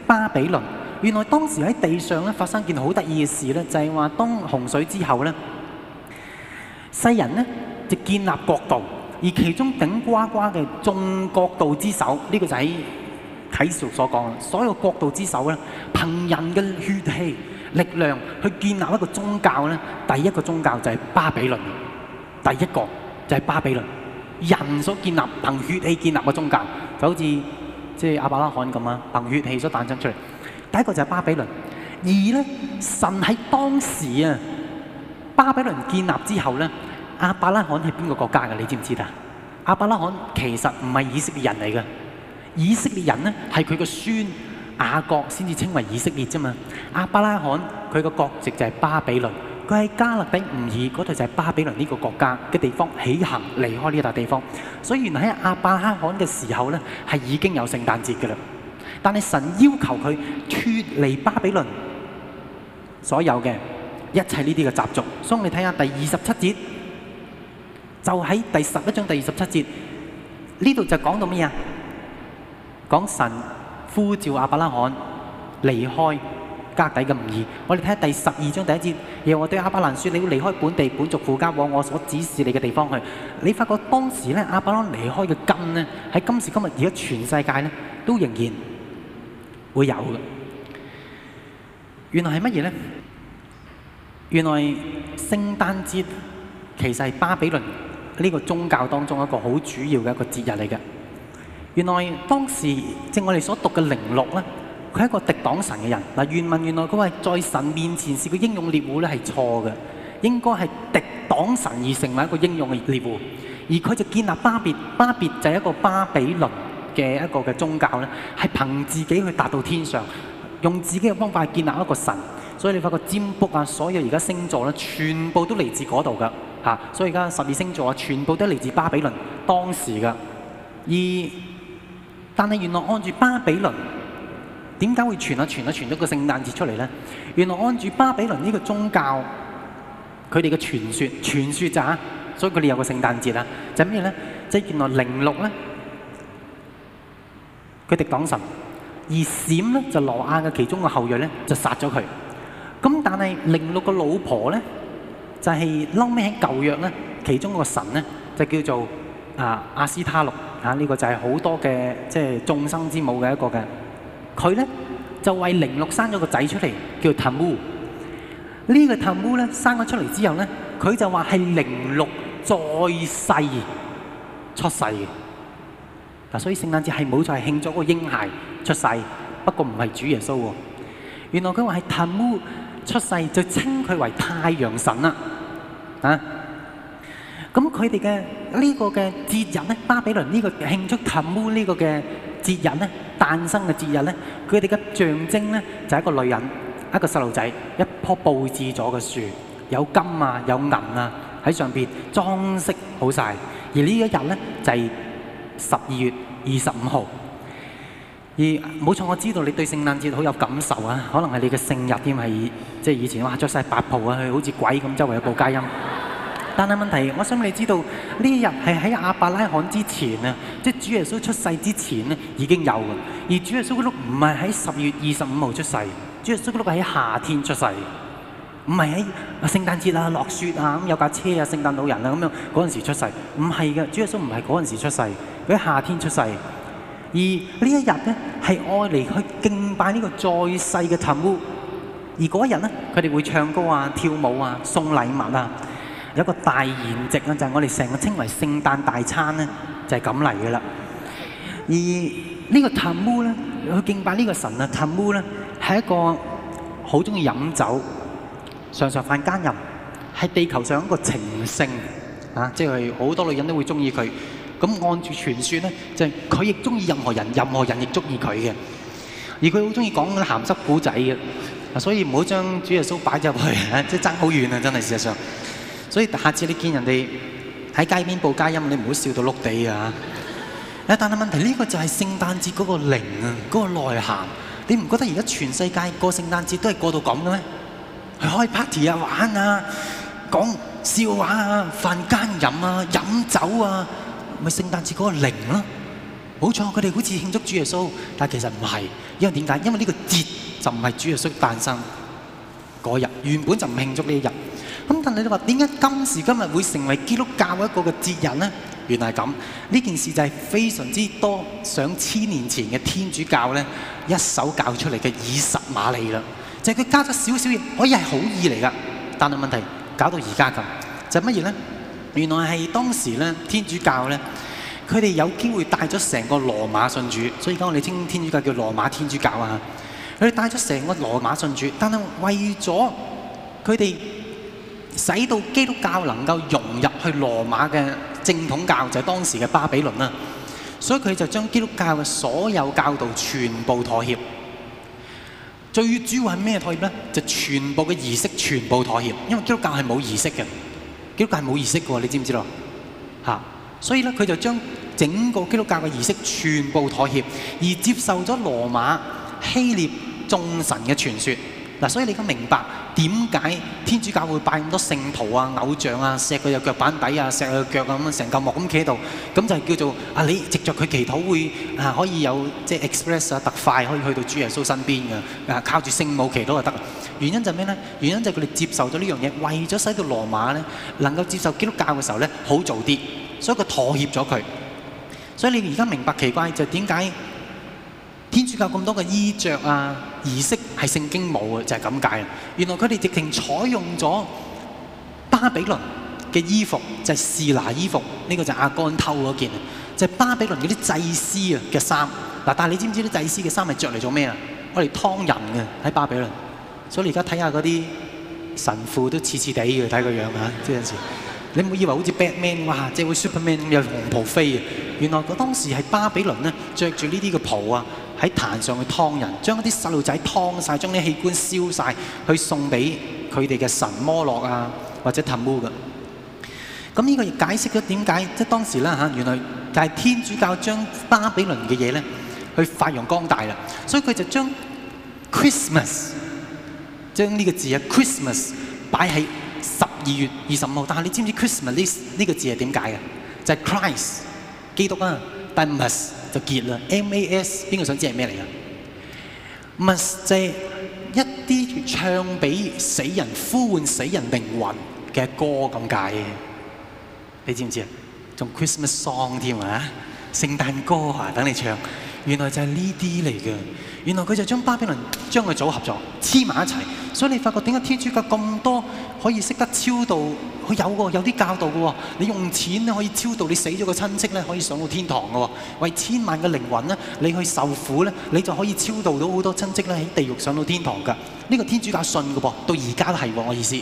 巴比倫，原來當時喺地上咧發生件好得意嘅事咧，就係話當洪水之後咧，世人咧就建立國度，而其中頂呱呱嘅眾國度之首，呢個就係啟示所講啦。所有國度之首咧，憑人嘅血氣力量去建立一個宗教咧，第一個宗教就係巴比倫，第一個就係巴比倫。人所建立，憑血氣建立嘅宗教，就好似亞伯拉罕咁啦，憑血氣所誕生出嚟。第一個就係巴比倫，二呢，神喺當時啊，巴比倫建立之後呢，亞伯拉罕係邊個國家嘅？你知唔知道？亞伯拉罕其實唔係以色列人嚟嘅，以色列人呢，係佢個孫雅各先至稱為以色列啫嘛。亞伯拉罕佢個國籍就係巴比倫。佢喺加勒底吾爾，嗰度就係巴比倫呢個國家嘅地方起行離開呢個地方，所以原來喺阿伯拉罕嘅時候咧，係已經有聖誕節嘅啦。但係神要求佢脫離巴比倫所有嘅一切呢啲嘅習俗，所以你睇下第二十七節，就喺第十一章第二十七節，呢度就講到咩啊？講神呼召阿伯拉罕離開。家底嘅唔易，我哋睇下第十二章第一節，耶和華對阿伯蘭說：你要離開本地本族父家，往我所指示你嘅地方去。你發覺當時咧，阿伯蘭離開嘅根咧，喺今時今日而家全世界咧，都仍然會有嘅。原來係乜嘢咧？原來聖誕節其實係巴比倫呢個宗教當中一個好主要嘅一個節日嚟嘅。原來當時正我哋所讀嘅零六咧。佢係一個敵擋神嘅人，原文原來，佢在神面前是個英勇獵戶是係錯嘅，應該係敵擋神而成為一個英勇嘅獵戶，而佢就建立巴別，巴別就係一個巴比倫嘅一個宗教，是係憑自己去達到天上，用自己嘅方法去建立一個神，所以你發覺占卜、啊、所有而家星座全部都嚟自嗰度㗎，所以而家十二星座全部都嚟自巴比倫當時㗎，而但係原來按住巴比倫。點解會傳啊傳啊傳咗、啊、個聖誕節出嚟呢？原來按住巴比倫呢個宗教，佢哋嘅傳說，傳說咋，所以佢哋有個聖誕節啦。就係咩呢？即係原來寧錄呢，佢敵擋神，而閃呢，就挪亞嘅其中個後裔呢，就殺咗佢。咁但係寧錄個老婆呢，就係後尾喺舊約呢其中一個神呢，就叫做亞、啊、斯他錄、啊、這呢個就係好多嘅即係眾生之母嘅一個嘅。佢呢就為零六生咗個仔出嚟，叫塔姆。呢個塔姆呢生咗出嚟之後呢，佢就話係零六再世出世嘅。嗱，所以聖誕節係冇錯，係慶祝個嬰孩出世，不過唔係主耶穌。原來佢話係塔姆出世，就稱佢為太陽神啦。啊，咁佢哋嘅呢個嘅節日呢，巴比倫呢個慶祝塔姆呢個嘅節日呢，誕生嘅節日呢，佢哋嘅象徵呢，就係、是、一個女人、一個細路仔、一棵佈置咗嘅樹，有金啊、有銀啊喺上邊裝飾好晒。而呢一日呢，就係十二月二十五號。而冇錯，我知道你對聖誕節好有感受啊，可能係你嘅聖日添，係即係以前哇着晒白袍啊，好似鬼咁，周圍有報佳音。但係問題，我想你知道呢一日係喺亞伯拉罕之前啊，即、就、係、是、主耶穌出世之前咧已經有嘅。而主耶穌基督唔係喺十月二十五號出世，主耶穌基督喺夏天出世，唔係喺聖誕節啊、落雪啊咁有架車啊、聖誕老人啊咁樣嗰陣時出世，唔係嘅。主耶穌唔係嗰陣時出世，佢喺夏天出世。而一呢一日咧係愛嚟去敬拜呢個再世嘅神僕，而嗰一日咧佢哋會唱歌啊、跳舞啊、送禮物啊。一個大筵席啦，就係、是、我哋成個稱為聖誕大餐咧，就係咁嚟噶啦。而呢個塔木咧，去敬拜呢個神啊，塔木咧係一個好中意飲酒、常常犯奸淫、喺地球上一個情聖啊，即係好多女人都會中意佢。咁按住傳說咧，就係、是、佢亦中意任何人，任何人亦中意佢嘅。而佢好中意講啲鹹濕古仔嘅，所以唔好將主耶穌擺咗入去，即係爭好遠啊！就是、遠，真係事實上。所以下次你見人哋喺街邊報佳音，你唔好笑到碌地啊！但係問題呢個就係聖誕節嗰個靈啊，嗰個內涵。你唔覺得而家全世界過聖誕節都係過到咁嘅咩？去開 party 啊、玩啊、講笑話啊、飯間飲啊、飲酒啊，咪聖誕節嗰個靈咯？冇錯，佢哋好似慶祝主耶穌，但係其實唔係，因為點解？因為呢個節就唔係主耶穌誕生嗰日，原本就唔慶祝呢一日。咁但係你話點解今時今日會成為基督教一個嘅節日呢？原來咁呢件事就係非常之多上千年前嘅天主教咧一手教出嚟嘅二十馬利啦，就係、是、佢加咗少少嘢，可以係好意嚟噶。但係問題搞到而家咁，就係乜嘢呢？原來係當時咧天主教咧，佢哋有機會帶咗成個羅馬信主，所以而家我哋稱天主教叫羅馬天主教啊。佢哋帶咗成個羅馬信主，但係為咗佢哋。使到基督教能夠融入去羅馬嘅正統教，就係、是、當時嘅巴比倫啦。所以佢就將基督教嘅所有教導全部妥協。最主要係咩妥協呢？就是、全部嘅儀式全部妥協，因為基督教係冇儀式嘅。基督教係冇儀式嘅，你知唔知道？吓！所以咧，佢就將整個基督教嘅儀式全部妥協，而接受咗羅馬希臘眾神嘅傳說。嗱，所以你而家明白點解天主教會拜咁多聖徒啊、偶像啊、錫佢隻腳板底啊、錫佢腳咁啊，成嚿木咁企喺度，咁就係叫做啊，你藉著佢祈禱會啊可以有即係 express 啊特快可以去到主耶穌身邊㗎，啊靠住聖母祈禱就得啦。原因就咩咧？原因就係佢哋接受咗呢樣嘢，為咗使到羅馬咧能夠接受基督教嘅時候咧好做啲，所以佢妥協咗佢。所以你而家明白奇怪就點解？天主教咁多嘅衣着啊，儀式係聖經冇嘅，就係咁解啊！原來佢哋直情採用咗巴比倫嘅衣服，就係士拿衣服，呢個就係亞干偷嗰件，就係巴比倫嗰啲祭司啊嘅衫。嗱，但係你知唔知啲祭司嘅衫係着嚟做咩啊？我哋劏人嘅喺巴比倫，所以而家睇下嗰啲神父都黐黐地嘅，睇個樣啊！即陣時，你唔好以為好似 Batman 哇，即係會 Superman 有紅袍飛啊。原來佢當時係巴比倫咧，着住呢啲嘅袍啊！喺壇上去劏人，將一啲細路仔劏晒，將啲器官燒晒，去送俾佢哋嘅神摩洛啊，或者 Tammuz。咁呢個亦解釋咗點解，即係當時啦、吓、原來就係天主教將巴比倫嘅嘢咧，去發揚光大啦。所以佢就將 Christmas 將呢個字啊，Christmas 擺喺十二月二十五號。但係你知唔知道 Christmas 呢、呢個呢個字係點解嘅？就係、是、Christ 基督啊，但係 mas。就結啦！M A S 邊個想知係咩嚟噶？咪就一啲唱俾死人、呼喚死人靈魂嘅歌咁解嘅。你知唔知啊？仲 Christmas song 添啊，聖誕歌啊，等你唱。原來就係呢啲嚟嘅，原來佢就將巴比倫將佢組合咗，黐埋一齊，所以你發覺點解天主教咁多可以識得超度，佢有喎，有啲教導嘅喎，你用錢咧可以超度你死咗嘅親戚咧可以上到天堂嘅喎，為千萬嘅靈魂咧你去受苦咧，你就可以超度到好多親戚咧喺地獄上到天堂嘅，呢個天主教信嘅噃，到而家都係喎我意思。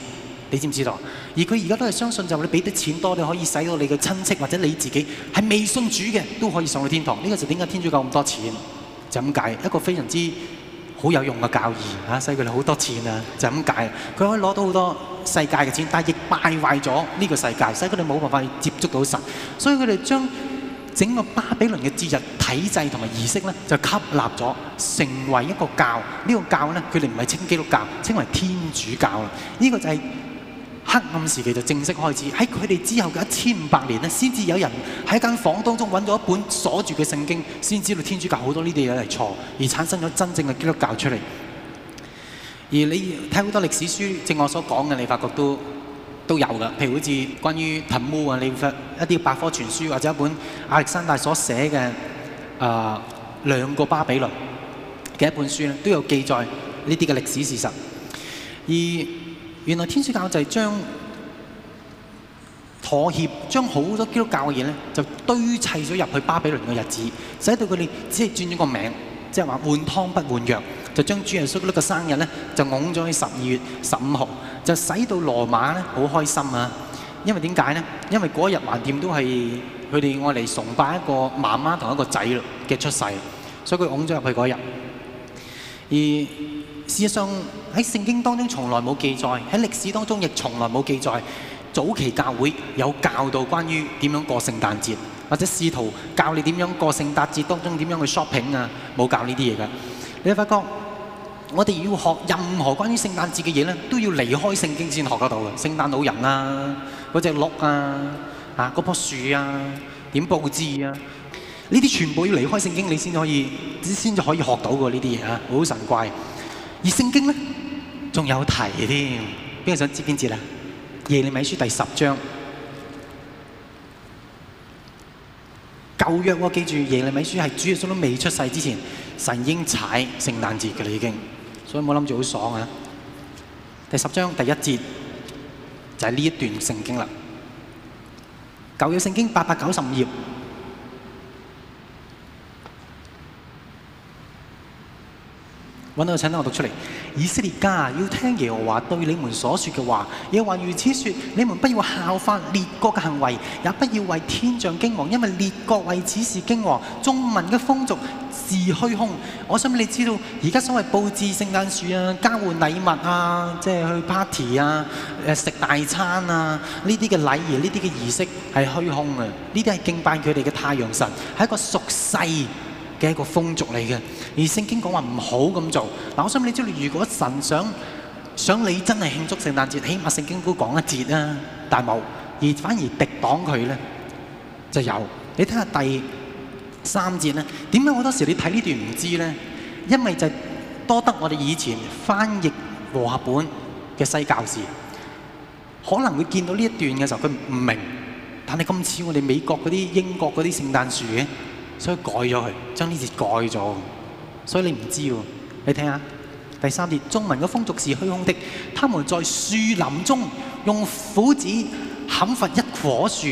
你知唔知道？而佢而家都係相信就你俾啲錢多，你可以使到你嘅親戚或者你自己係未信主嘅都可以上到天堂。呢個就點解天主教咁多錢？就咁、是、解一個非常之好有用嘅教義嚇，所以佢哋好多錢啊！就咁、是、解，佢可以攞到好多世界嘅錢，但係亦敗壞咗呢個世界，所以佢哋冇辦法去接觸到神。所以佢哋將整個巴比倫嘅節日體制同埋儀式咧，就吸納咗，成為一個教。呢、這個教咧，佢哋唔係稱基督教，稱為天主教啦。呢、這個就係、是。黑暗時期就正式開始，喺佢哋之後嘅一千五百年咧，先至有人喺間房當中揾到一本鎖住嘅聖經，先知道天主教好多呢啲嘢嚟錯，而產生咗真正嘅基督教出嚟。而你睇好多歷史書，正我所講嘅，你發覺都都有㗎，譬如好似關於秦穆啊，你一啲百科全書或者一本亞歷山大所寫嘅啊兩個巴比倫嘅一本書咧，都有記載呢啲嘅歷史事實。而原來天主教就係將妥協，將好多基督教嘅嘢咧，就堆砌咗入去巴比倫嘅日子，使到佢哋只係轉咗個名，即係話換湯不換藥，就將主耶穌嗰個生日呢就拱咗去十二月十五號，就使到羅馬好開心啊！因為點解呢？因為嗰一日橫掂都係佢哋愛嚟崇拜一個媽媽同一個仔咯嘅出世，所以佢拱咗入去嗰日。而事實上。喺聖經當中從來冇記載，喺歷史當中亦從來冇記載。早期教會有教導關於點樣過聖誕節，或者試圖教你點樣過聖誕節，當中點樣去 shopping 啊？冇教呢啲嘢㗎。你發覺我哋要學任何關於聖誕節嘅嘢咧，都要離開聖經先學得到。聖誕老人啊，嗰隻鹿啊，啊嗰樖樹啊，點佈置啊？呢啲全部要離開聖經你，你先可以先至可以學到㗎呢啲嘢啊！好神怪。而聖經咧～仲有題添，邊個想知邊節啊？耶利米書第十章，舊約喎，記住耶利米書係主耶穌都未出世之前，神已經踩聖誕節嘅啦已經，所以冇諗住好爽啊！第十章第一節就係呢一段聖經啦，舊約聖經八百九十五頁。揾到個請啦，我讀出嚟。以色列家要聽耶和華對你們所説嘅話。耶和華如此説：你們不要效法列國嘅行為，也不要為天象驚惶，因為列國為此事驚惶，眾民嘅風俗是虛空。我想你知道，而家所謂佈置聖誕樹啊、交換禮物啊、即係去 party 啊、誒食大餐啊，呢啲嘅禮儀、呢啲嘅儀式係虛空嘅。呢啲係敬拜佢哋嘅太陽神，係一個屬世嘅一個風俗嚟嘅，而聖經講話唔好咁做。嗱，我想你知道，如果神想想你真係慶祝聖誕節，起碼聖經都講一節啦，但冇，而反而敵擋佢咧，就有。你睇下第三節咧，點解好多時你睇呢段唔知咧？因為就多得我哋以前翻譯和合本嘅西教士，可能會見到呢一段嘅時候，佢唔明。但係今次我哋美國嗰啲、英國嗰啲聖誕樹嘅。所以改咗佢，將呢節改咗，所以你唔知喎。你聽下第三節，眾民嘅風俗是虛空的，他們在樹林中用斧子砍伐一棵樹，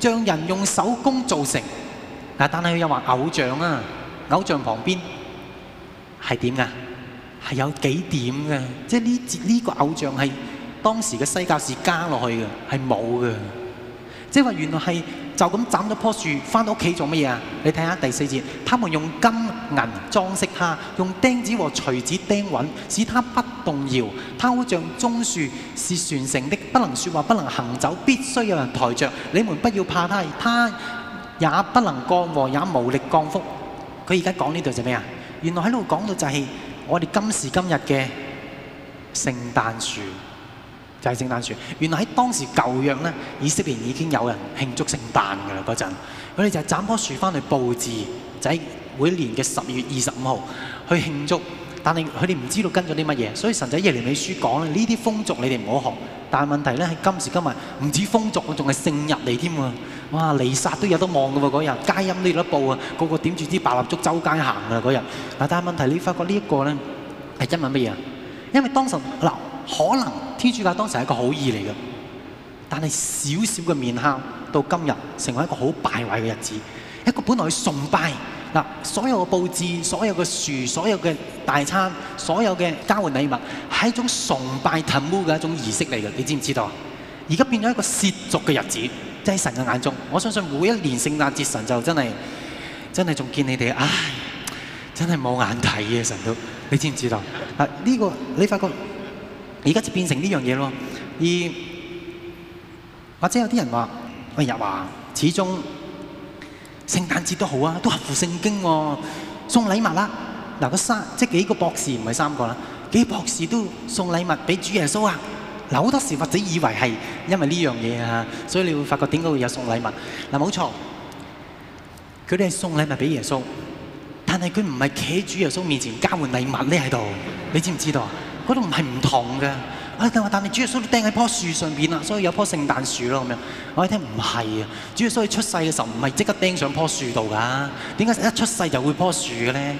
將人用手工做成。嗱，但係佢又話偶像啊，偶像旁邊係點㗎？係有幾點㗎？即係呢節呢個偶像係當時嘅西教士加落去嘅，係冇嘅。即係話原來係就咁斬咗樖樹翻到屋企做乜嘢啊？你睇下第四節，他們用金銀裝飾它，用釘子和錘子釘穩，使它不動搖。它好像棕樹，是鏇成的，不能說話，不能行走，必須有人抬着。你們不要怕它，它也不能降禍，也無力降福。佢而家講呢度就係咩啊？原來喺度講到就係我哋今時今日嘅聖誕樹。就係、是、聖誕樹，原來喺當時舊約呢，以色列已經有人慶祝聖誕噶啦嗰陣，佢哋就係斬棵樹翻嚟佈置，就喺每年嘅十二月二十五號去慶祝，但係佢哋唔知道跟咗啲乜嘢，所以神仔耶利米書講呢啲風俗你哋唔好學，但係問題咧喺今時今日唔止風俗，仲係聖日嚟添喎，哇！彌撒都那街有得望噶喎嗰日，佳音都有得報啊，個個點住支白蠟燭周街行噶啦嗰日，但係問題你發覺這呢一個咧係因為乜嘢？因為當時嗱。可能天主教當時係一個好意嚟嘅，但係少少嘅面坑到今日成為一個好敗壞嘅日子。一個本來崇拜嗱，所有嘅佈置、所有嘅樹、所有嘅大餐、所有嘅交換禮物係一種崇拜騰污嘅一種儀式嚟嘅。你知唔知道？啊，而家變咗一個世俗嘅日子，即係神嘅眼中，我相信每一年聖誕節神就真係真係仲見你哋唉，真係冇眼睇嘅、啊、神都，你知唔知道？啊、這、呢個你發覺。而家就變成呢樣嘢咯，而或者有啲人話，阿日華始終聖誕節都好啊，都合乎聖經喎，送禮物啦。嗱，個三，即幾個博士唔係三個啦，幾個博士都送禮物俾主耶穌啊。嗱，好多時或者以為係因為呢樣嘢啊，所以你會發覺點解會有送禮物。嗱，冇錯，佢哋係送禮物俾耶穌，但係佢唔係企喺主耶穌面前交換禮物咧，喺度，你知唔知道啊？那都唔係唔同嘅，但你主要所以釘喺棵樹上面，所以有棵聖誕樹咁樣。我一聽唔係啊，主要所以出世嘅時，時候唔係即刻釘上棵樹度㗎。點解一出世就會棵樹嘅呢？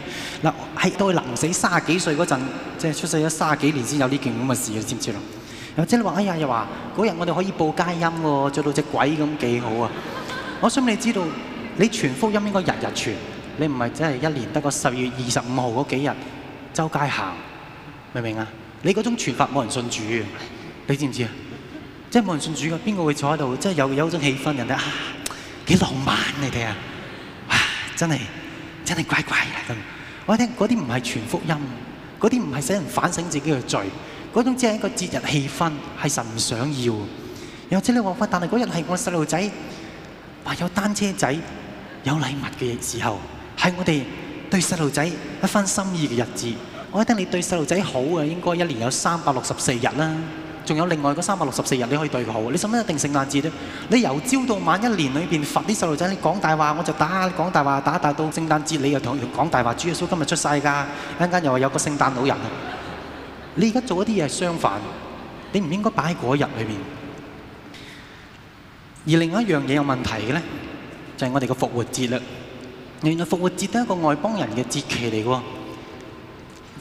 係到佢臨死卅幾歲嗰陣，即係出世咗卅幾年先有呢件咁嘅事你知唔知咯？又或者你話哎呀，又話嗰日我哋可以報佳音喎，著到隻鬼咁幾好啊！我想你知道，你傳福音應該日日傳，你唔係真係一年得個十月二十五號嗰幾日周街行。明唔明啊？你嗰種傳法冇人信主，你知唔知啊？即係冇人信主嘅，邊個會坐喺度？即係有有種氣氛，人哋啊幾浪漫，你哋啊哇！真係真係怪怪嚟嘅。我一聽嗰啲唔係傳福音，嗰啲唔係使人反省自己嘅罪，嗰種只係一個節日氣氛，係神唔想要。有啲你話翻，但係嗰日係我細路仔話有單車仔、有禮物嘅時候，係我哋對細路仔一番心意嘅日子。我定你對細路仔好嘅，應該一年有三百六十四日啦，仲有另外嗰三百六十四日你可以對佢好。你使乜一定聖誕節啫？你由朝到晚一年裏邊罰啲細路仔，你講大話我就打，你講大話打，打打到聖誕節你又同講大話，主耶穌今日出世噶，一陣間又話有個聖誕老人。你而家做一啲嘢相反，你唔應該擺喺嗰日裏邊。而另外一樣嘢有問題嘅咧，就係我哋嘅復活節啦。原來復活節都係一個外邦人嘅節期嚟嘅。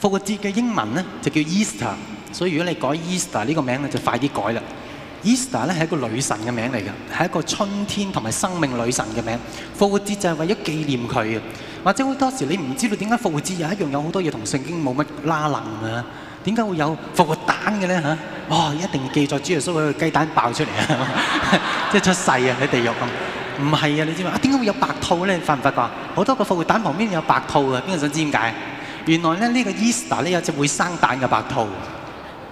復活節嘅英文呢就叫 Easter，所以如果你改 Easter 呢個名咧就快啲改啦。Easter 咧係一個女神嘅名嚟㗎，係一個春天同埋生命女神嘅名字。復活節就係為咗紀念佢，或者好多時候你唔知道點解復活節有一樣有好多嘢同聖經冇乜拉楞啊？點解會有復活蛋嘅呢？哦，一定要記在主耶穌嘅雞蛋爆出嚟啊，即 [LAUGHS] 係 [LAUGHS] 出世啊喺地獄咁，唔係啊，你知嘛？啊，點解會有白兔呢？你發唔發覺？好多個復活蛋旁邊有白兔嘅，邊個想知點解？原來咧呢個 Easter 咧有隻會生蛋嘅白兔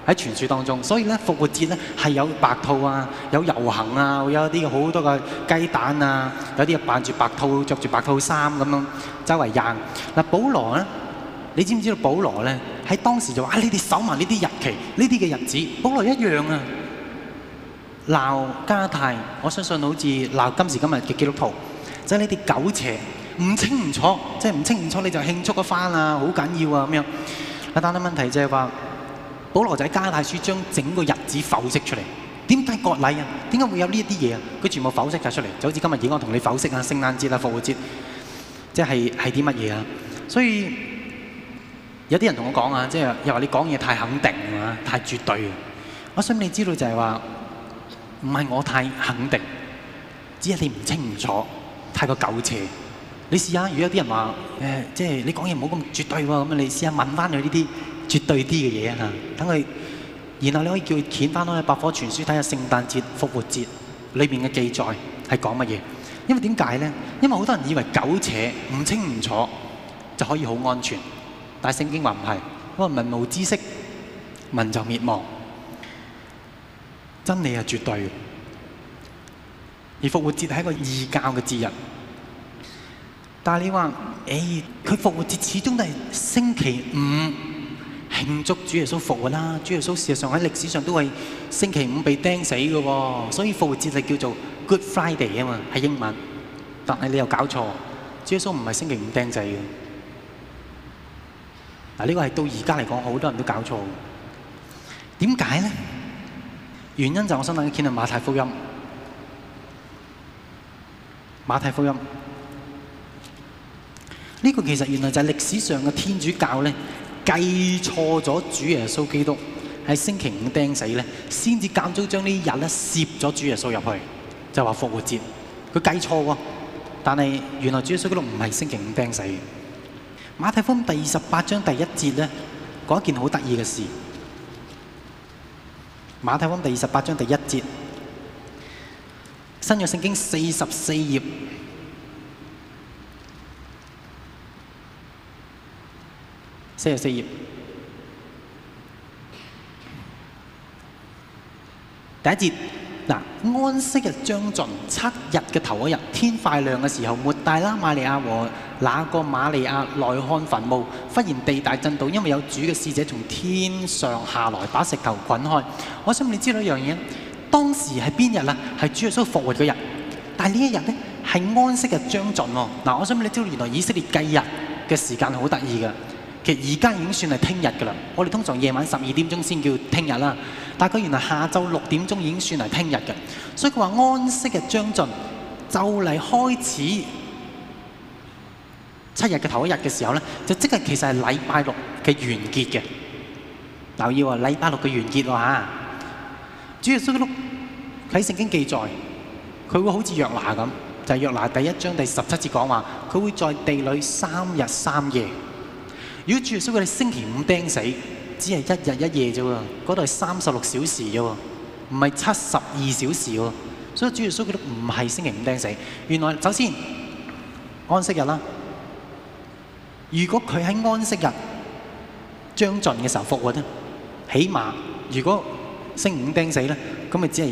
喺傳說當中，所以咧復活節咧係有白兔啊，有遊行啊，會有啲好多嘅雞蛋啊，有啲扮住白兔、着住白兔衫咁樣周圍行。嗱，保羅咧，你知唔知道保羅咧喺當時就話、啊：你哋守埋呢啲日期，呢啲嘅日子，保羅一樣啊！鬧加泰，我相信好似鬧今時今日嘅基督徒，就係呢啲糾邪。唔清唔楚，即係唔清唔楚，你就慶祝一番啊！好緊要啊，咁樣。但係問題就係話，保羅仔加拉太書將整個日子剖析出嚟，點解割禮啊？點解會有呢一啲嘢啊？佢全部剖析晒出嚟，就好似今日我同你剖析啊聖誕節啦、啊、復活節，即係係啲乜嘢啊？所以有啲人同我講啊，即係又話你講嘢太肯定啊，太絕對啊。我想你知道就係話，唔係我太肯定，只係你唔清唔楚，太過糾纏。你試下，如果有啲人話，誒，即係你講嘢唔好咁絕對喎，咁你試下問翻佢呢啲絕對啲嘅嘢啊，等佢，然後你可以叫佢攣翻去百科全書睇下聖誕節、復活節裏邊嘅記載係講乜嘢。因為點解咧？因為好多人以為苟且唔清唔楚就可以好安全，但係聖經話唔係，因為民無知識，民就滅亡。真理係絕對嘅，而復活節係一個異教嘅節日。但係你話，誒，佢復活節始終都係星期五慶祝主耶穌復活啦。主耶穌事實上喺歷史上都係星期五被釘死嘅喎，所以復活節就叫做 Good Friday 啊嘛，係英文。但係你又搞錯，主耶穌唔係星期五釘死嘅。嗱，呢個係到而家嚟講，好多人都搞錯。點解咧？原因就我想問馬太福音，馬太福音。呢個其實原來就係歷史上嘅天主教咧，計錯咗主耶穌基督喺星期五釘死咧，先至間早將呢日咧攝咗主耶穌入去，就話復活節。佢計錯喎，但係原來主耶穌基督唔係星期五釘死嘅。馬太福音第二十八章第一節咧，講一件好得意嘅事。馬太福音第二十八章第一節，新約聖經四十四頁。四十四頁第一節，安息日將盡七日嘅頭嗰日，天快亮嘅時候，抹大拉馬利亞和那個馬利亞來看墳墓，忽然地大震動，因為有主嘅使者從天上下來，把石頭滾開。我想問你知道一樣嘢，當時係邊日啊？係主耶穌復活嘅日，但係呢一日呢，係安息日將盡喎。我想問你知道，原來以色列計日嘅時間好得意嘅。其實而家已經算係聽日噶啦，我哋通常夜晚十二點鐘先叫聽日啦。但佢原來下晝六點鐘已經算係聽日嘅，所以佢話安息日將盡，就嚟開始七日嘅頭一日嘅時候咧，就即係其實係禮拜六嘅完結嘅。留意喎，禮拜六嘅完結喎嚇。主耶穌喺聖經記載，佢會好似約拿咁，就係、是、約拿第一章第十七節講話，佢會在地裏三日三夜。如果主耶穌佢哋星期五釘死，只係一日一夜啫喎，嗰度係三十六小時啫喎，唔係七十二小時喎，所以主耶穌佢都唔係星期五釘死。原來首先安息日啦，如果佢喺安息日將盡嘅時候復活咧，起碼如果星期五釘死呢，咁咪只係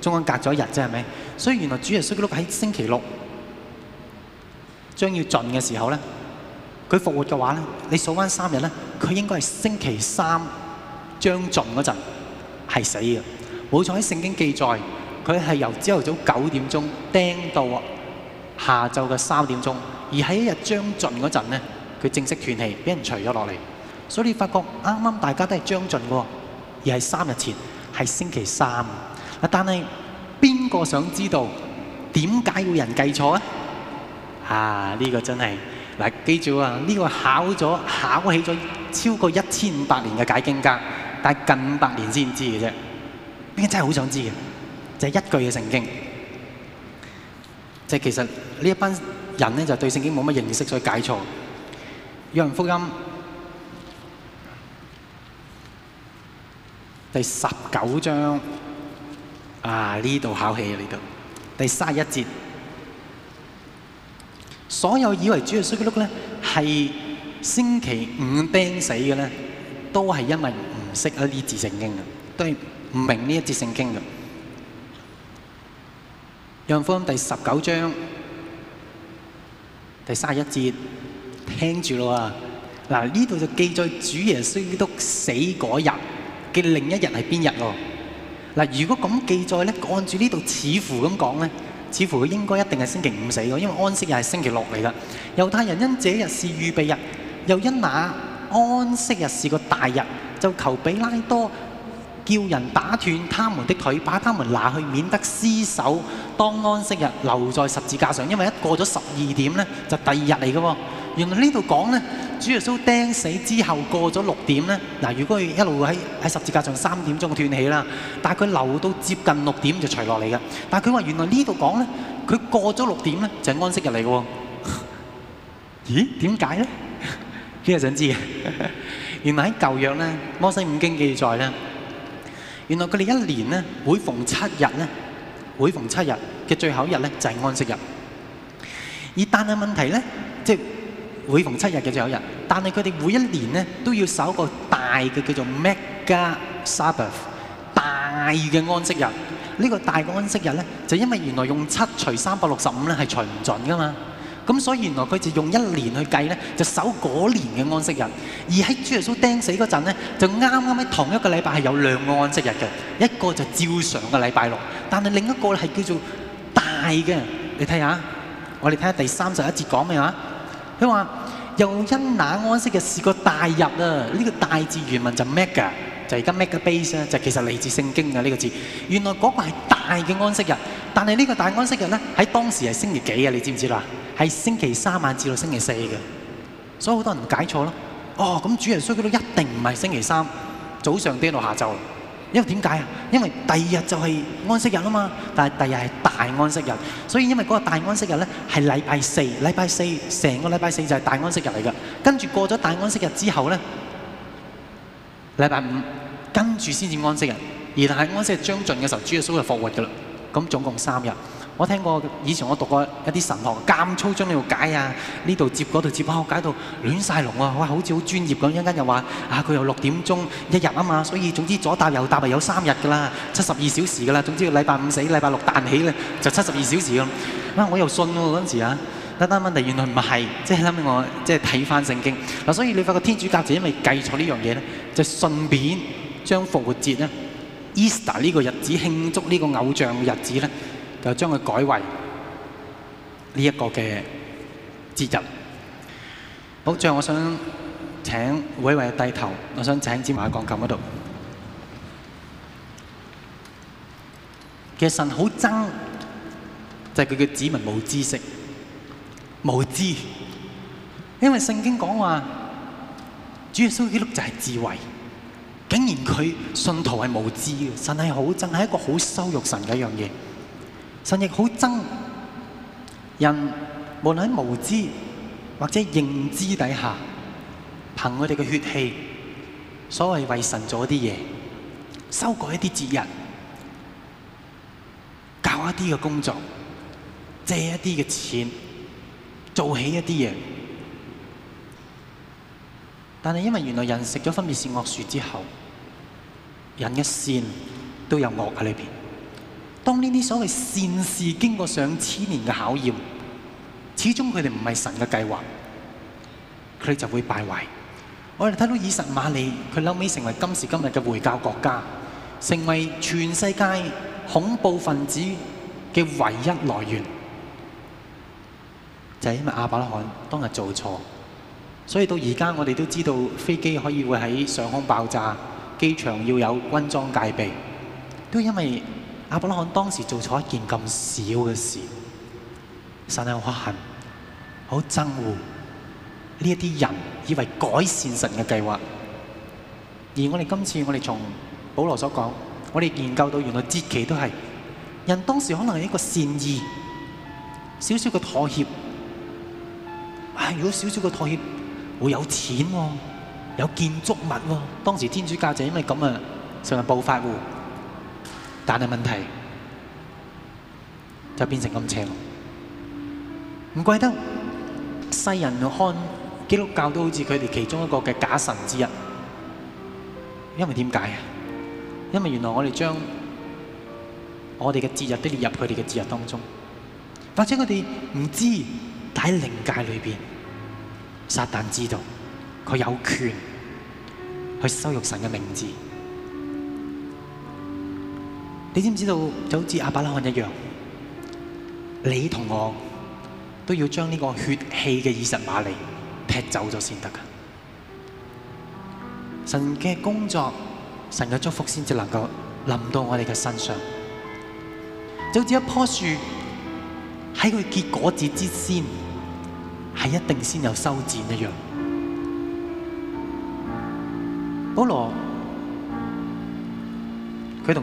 中間隔咗一日啫係咪？所以原來主耶穌喺星期六將要盡嘅時候呢。佢復活嘅話咧，你數翻三日咧，佢應該係星期三將盡嗰陣係死嘅。冇錯，喺聖經記載，佢係由朝頭早九點鐘釘到啊，下晝嘅三點鐘，而喺一日將盡嗰陣咧，佢正式斷氣，俾人除咗落嚟。所以你發覺啱啱大家都係將盡喎，而係三日前係星期三。嗱，但係邊個想知道點解會人計錯咧？啊，呢個真係～嗱，記住啊！呢、這個考咗、考起咗超過一千五百年嘅解經格，但是近百年先知嘅啫。呢個真係好想知嘅？就係、是、一句嘅聖經，就是、其實呢一班人對就對聖經冇乜認識，所以解錯。《約翰福音》第十九章啊，呢度考起啊，呢度第三十一節。所有以為主耶穌基督係星期五釘死嘅咧，都係因為唔識呢一節聖經啊，都係唔明呢一節聖經噶。約翰福音第十九章第三十一節，聽住咯喎。嗱，呢度就記載主耶穌基督死嗰日嘅另一日係邊日喎？嗱，如果咁記載咧，按住呢度似乎咁講咧。似乎佢應該一定係星期五死嘅，因為安息日係星期六嚟㗎。猶太人因這日是預備日，又因那安息日是個大日，就求比拉多叫人打斷他們的腿，把他們拿去，免得屍首當安息日留在十字架上，因為一過咗十二點呢，就第二日嚟嘅喎。原來呢度講咧，主耶穌釘死之後過咗六點咧，嗱，如果佢一路喺喺十字架上三點鐘斷氣啦，但係佢留到接近六點就除落嚟嘅。但係佢話原來呢度講咧，佢過咗六點咧就係安息日嚟嘅喎。咦？點解咧？呢個想知嘅？原來喺舊約咧，《摩西五經》記載咧，原來佢哋一年咧每逢七日咧，每逢七日嘅最後一日咧就係安息日。而但係問題咧，即係。每逢七日嘅最後一日，但係佢哋每一年咧都要守個大嘅叫做 mega Sabbath，大嘅安息日。呢個大嘅安息日咧，就因為原來用七除三百六十五咧係除唔準㗎嘛，咁所以原來佢就用一年去計咧，就守嗰年嘅安息日。而喺主耶穌釘死嗰陣咧，就啱啱喺同一個禮拜係有兩個安息日嘅，一個就照常嘅禮拜六，但係另一個係叫做大嘅。你睇下，我哋睇下第三十一節講咩話。佢話：又因那安息日是個大日啊！呢個大字原文就 mega，就而家 mega base 啊，就其實嚟自聖經嘅呢個字。原來嗰個係大嘅安息日，但係呢個大安息日咧，喺當時係星期幾啊？你知唔知道啦？係星期三晚至到星期四嘅，所以好多人解錯咯。哦，咁主耶穌都一定唔係星期三早上啲到下晝。因為點解啊？因為第二日就係安息日啦嘛，但係第二日係大安息日，所以因為嗰個大安息日呢係禮拜四，禮拜四成個禮拜四就係大安息日嚟㗎，跟住過咗大安息日之後呢，禮拜五跟住先至安息日，而大安息日將盡嘅時候，主耶穌就復活㗎喇，咁總共三日。我聽過，以前我讀過一啲神學，咁粗章喺度解啊，呢度接嗰度接，哇，解到亂晒龍啊哇，好似好專業咁，一陣間又話啊，佢又六點鐘一日啊嘛，所以總之左搭右搭係有三日噶啦，七十二小時噶啦，總之禮拜五死，禮拜六彈起咧，就七十二小時咁。我又信喎嗰陣時啊，得得問題原來唔係，即係諗起我即係睇返聖經嗱，所以你發覺天主教就因為計錯呢樣嘢咧，就順便將復活節咧，Easter 呢個日子慶祝呢個偶像嘅日子咧。就將佢改為呢一個嘅節日。好，最後我想請每一位低頭，我想請指埋喺鋼琴嗰度。其實神好憎，就係佢嘅子民冇知識、冇知，因為聖經講話主耶穌基督就係智慧，竟然佢信徒係無知嘅，神係好憎，係一個好羞辱神嘅一樣嘢。神亦好憎人，無論喺無知或者認知底下，憑我哋嘅血氣，所謂為神做一啲嘢、修改一啲節日、搞一啲嘅工作，借一啲嘅錢，做起一啲嘢。但係因為原來人食咗分別善惡樹之後，人一善都有惡喺裏邊。當呢啲所謂善事經過上千年嘅考驗，始終佢哋唔係神嘅計劃，佢哋就會敗壞。我哋睇到以實瑪利，佢諗起成為今時今日嘅回教國家，成為全世界恐怖分子嘅唯一來源，就係因為亞伯拉罕當日做錯。所以到而家我哋都知道飛機可以會喺上空爆炸，機場要有軍裝戒備，都因為亞伯拉罕當時做錯一件咁小嘅事，神好可恨，好憎惡呢一啲人以為改善神嘅計劃。而我哋今次我哋從保羅所講，我哋研究到原來節期都係人當時可能係一個善意，少少嘅妥協，啊。如果少少嘅妥協會有錢，啊，有建築物，啊。當時天主教就因為咁啊，成為暴發戶。但係問題就變成咁樣，唔怪得世人看基督教都好似佢哋其中一個嘅假神之一，因為點解啊？因為原來我哋將我哋嘅節日都列入佢哋嘅節日當中，或者佢哋唔知道，但喺靈界裏邊，撒旦知道，佢有權去羞辱神嘅名字。你知唔知道就好似亞伯拉罕一樣，你同我都要將呢個血氣嘅以實瑪利劈走咗先得㗎。神嘅工作，神嘅祝福先至能夠臨到我哋嘅身上，就好似一棵樹喺佢結果子之先係一定先有修剪一樣波。保羅佢同。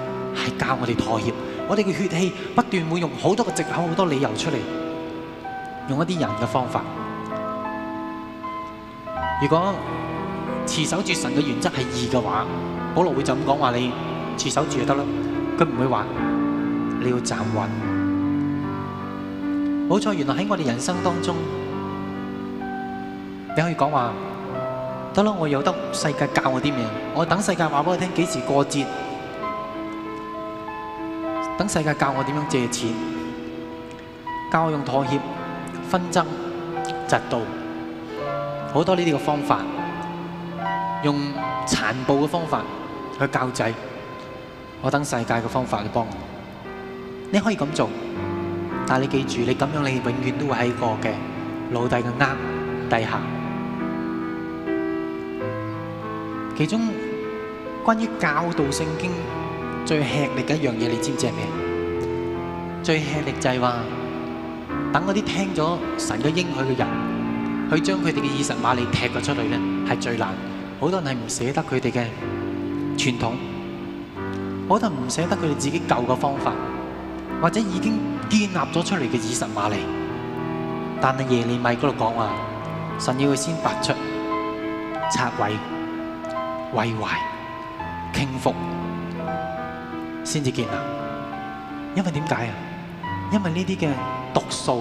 係教我哋妥協，我哋嘅血氣不斷會用好多嘅借口，好多理由出嚟，用一啲人嘅方法。如果持守住神嘅原則係易嘅話，保羅會就咁講話，你持守住就得啦，佢唔會話你要站穩。好彩原來喺我哋人生當中，你可以講話得啦，我有得世界教我啲咩？我等世界話俾我聽幾時過節。等世界教我點樣借錢，教我用妥協、紛爭、嫉妒，好多呢啲嘅方法，用殘暴嘅方法去教仔。我等世界嘅方法去幫我。你可以咁做，但係你記住，你咁樣你永遠都會喺個嘅奴隸嘅底下。其中關於教導聖經。最吃力嘅一樣嘢，你知唔知係咩？最吃力就係話，等嗰啲聽咗神嘅應許嘅人，去將佢哋嘅以實瑪利踢咗出嚟咧，係最難。好多人係唔捨得佢哋嘅傳統，好多唔捨得佢哋自己舊嘅方法，或者已經建立咗出嚟嘅以實瑪利。但係耶利米嗰度講話，神要佢先拔出拆毀、毀壞傾覆。慶先至見啊！因為點解啊？因為呢啲嘅毒素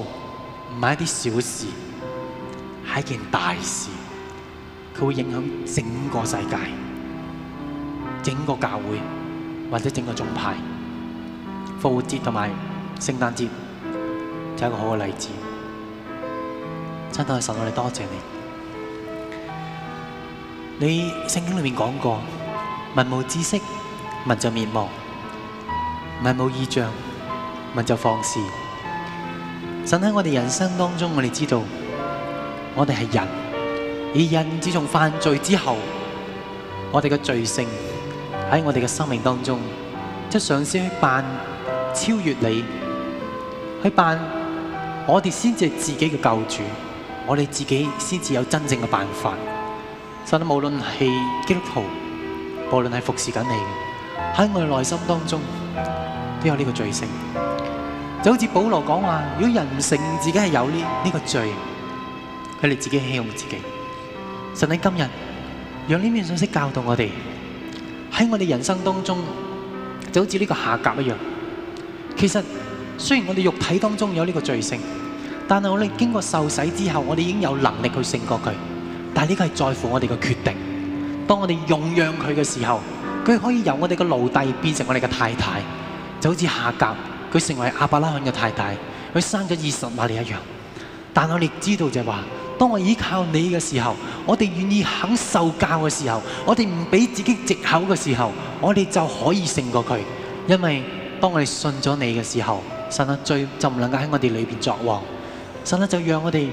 唔係一啲小事，係一件大事。佢會影響整個世界、整個教會或者整個宗派。復活節同埋聖誕節就係一個好嘅例子。親愛嘅神，我哋多謝你。你聖經裏面講過：「民無知識，民就滅亡。唔係冇意象，咪就放肆。神喺我哋人生當中，我哋知道，我哋係人，而人自從犯罪之後，我哋嘅罪性喺我哋嘅生命當中，即上司去扮超越你，去扮我哋先至係自己嘅救主，我哋自己先至有真正嘅辦法。神無論係基督徒，無論係服侍緊你嘅，喺我哋內心當中。都有呢個罪性，就好似保羅講話，如果人唔承認自己係有呢呢個罪，佢哋自己欺辱自己。神喺今日，用呢面信息教導我哋喺我哋人生當中，就好似呢個下格一樣。其實雖然我哋肉體當中有呢個罪性，但係我哋經過受洗之後，我哋已經有能力去勝過佢。但係呢個係在乎我哋嘅決定，當我哋容讓佢嘅時候，佢可以由我哋嘅奴隸變成我哋嘅太太。就好似夏甲，佢成為亞伯拉罕嘅太太，佢生咗以實瑪利一樣。但我哋知道就係話，當我依靠你嘅時候，我哋願意肯受教嘅時候，我哋唔俾自己藉口嘅時候，我哋就可以勝過佢。因為當我哋信咗你嘅時候，神啊，罪就唔能夠喺我哋裏邊作王，神啊，就讓我哋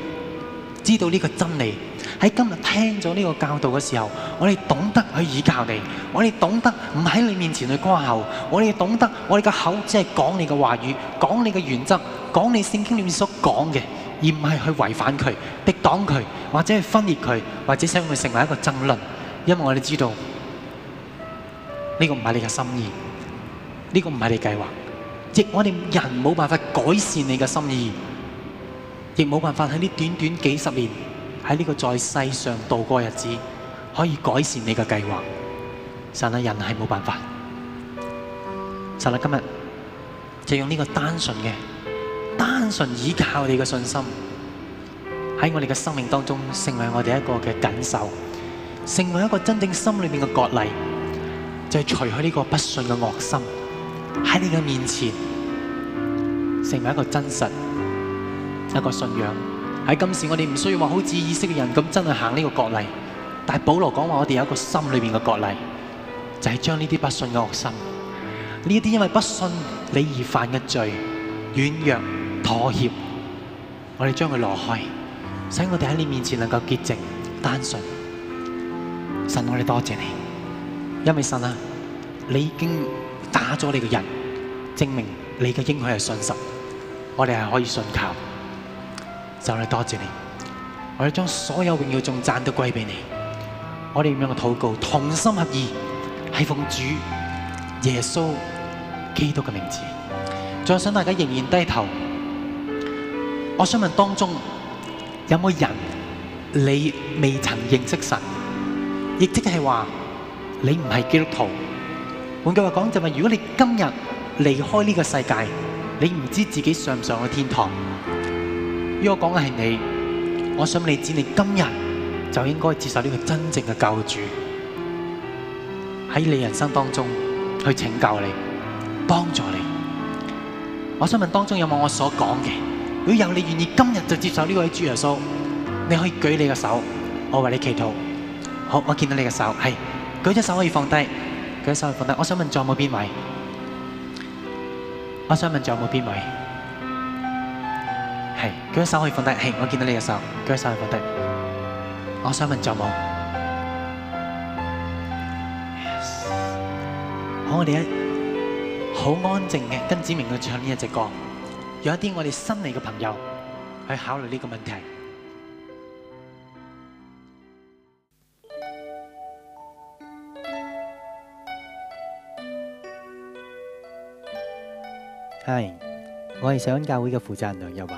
知道呢個真理。喺今日聽咗呢個教導嘅時候，我哋懂得去倚靠你，我哋懂得唔喺你面前去誇口，我哋懂得我哋嘅口只係講你嘅話語，講你嘅原則，講你聖經裏面所講嘅，而唔係去違反佢、敵擋佢，或者係分裂佢，或者想佢成為一個爭論。因為我哋知道呢個唔係你嘅心意，呢個唔係你計劃，亦我哋人冇辦法改善你嘅心意，亦冇辦法喺呢短短幾十年。喺呢個在世上度過日子，可以改善你嘅計劃。神啊，人係冇辦法。神啊，今日就用呢個單純嘅、單純依靠你嘅信心，喺我哋嘅生命當中，成為我哋一個嘅緊守，成為一個真正心裏面嘅割禮，就係、是、除去呢個不信嘅惡心，喺你嘅面前，成為一個真實一個信仰。喺今時我哋唔需要話好似以色列人咁真係行呢個割禮，但係保羅說，我哋有一個心裏面嘅割禮，就係將呢啲不信嘅惡心，呢一啲因為不信你而犯嘅罪，軟弱妥協，我哋將佢挪開，使我哋喺你面前能夠潔淨單純。神，我哋多謝你，因為神啊，你已經打咗你嘅人，證明你嘅應許係信實，我哋係可以信靠。就係多謝你，我哋將所有榮耀仲讚都歸俾你。我哋點樣嘅禱告，同心合意，係奉主耶穌基督嘅名字。再想大家仍然低頭，我想問當中有冇人你未曾認識神，亦即係話你唔係基督徒。換句話講就係，如果你今日離開呢個世界，你唔知自己上唔上個天堂。如果我講嘅係你，我想你指你今日就應該接受呢個真正嘅救主，喺你人生當中去拯救你、幫助你。我想問當中有冇我所講嘅？如果有，你願意今日就接受呢位主耶穌，你可以舉你嘅手，我為你祈禱。好，我見到你嘅手，係舉隻手可以放低，舉隻手可以放低。我想問仲有冇邊位？我想問仲有冇邊位？係，舉下手可以放低。係，我見到你嘅手，舉手可以放低。我想問做冇？好，我哋一好安靜嘅跟子明去唱呢一隻歌，有一啲我哋新嚟嘅朋友去考慮呢個問題。係，我係錫安教會嘅負責人梁日華。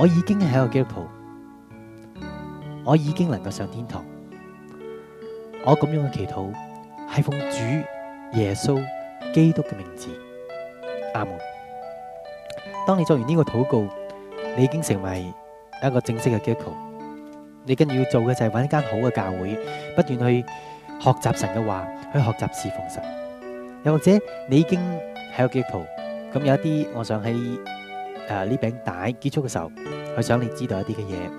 我已經係一個基督徒，我已經能夠上天堂。我咁樣嘅祈禱係奉主耶穌基督嘅名字，阿門。當你做完呢個禱告，你已經成為一個正式嘅基督徒。你跟住要做嘅就係揾一間好嘅教會，不斷去學習神嘅話，去學習侍奉神。又或者你已經係一個基督徒，咁有一啲我想喺。誒、啊，呢餅帶結束嘅時候，佢想你知道一啲嘅嘢，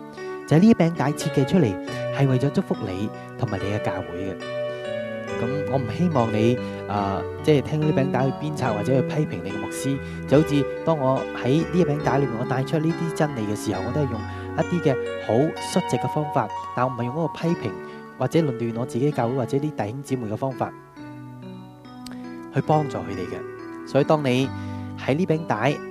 就係呢一餅帶設計出嚟係為咗祝福你同埋你嘅教會嘅。咁我唔希望你誒，即、呃、係、就是、聽呢餅帶去鞭策或者去批評你嘅牧師，就好似當我喺呢一餅帶裏面我帶出呢啲真理嘅時候，我都係用一啲嘅好率直嘅方法，但我唔係用嗰個批評或者論斷我自己教會或者啲弟兄姊妹嘅方法去幫助佢哋嘅。所以當你喺呢餅帶。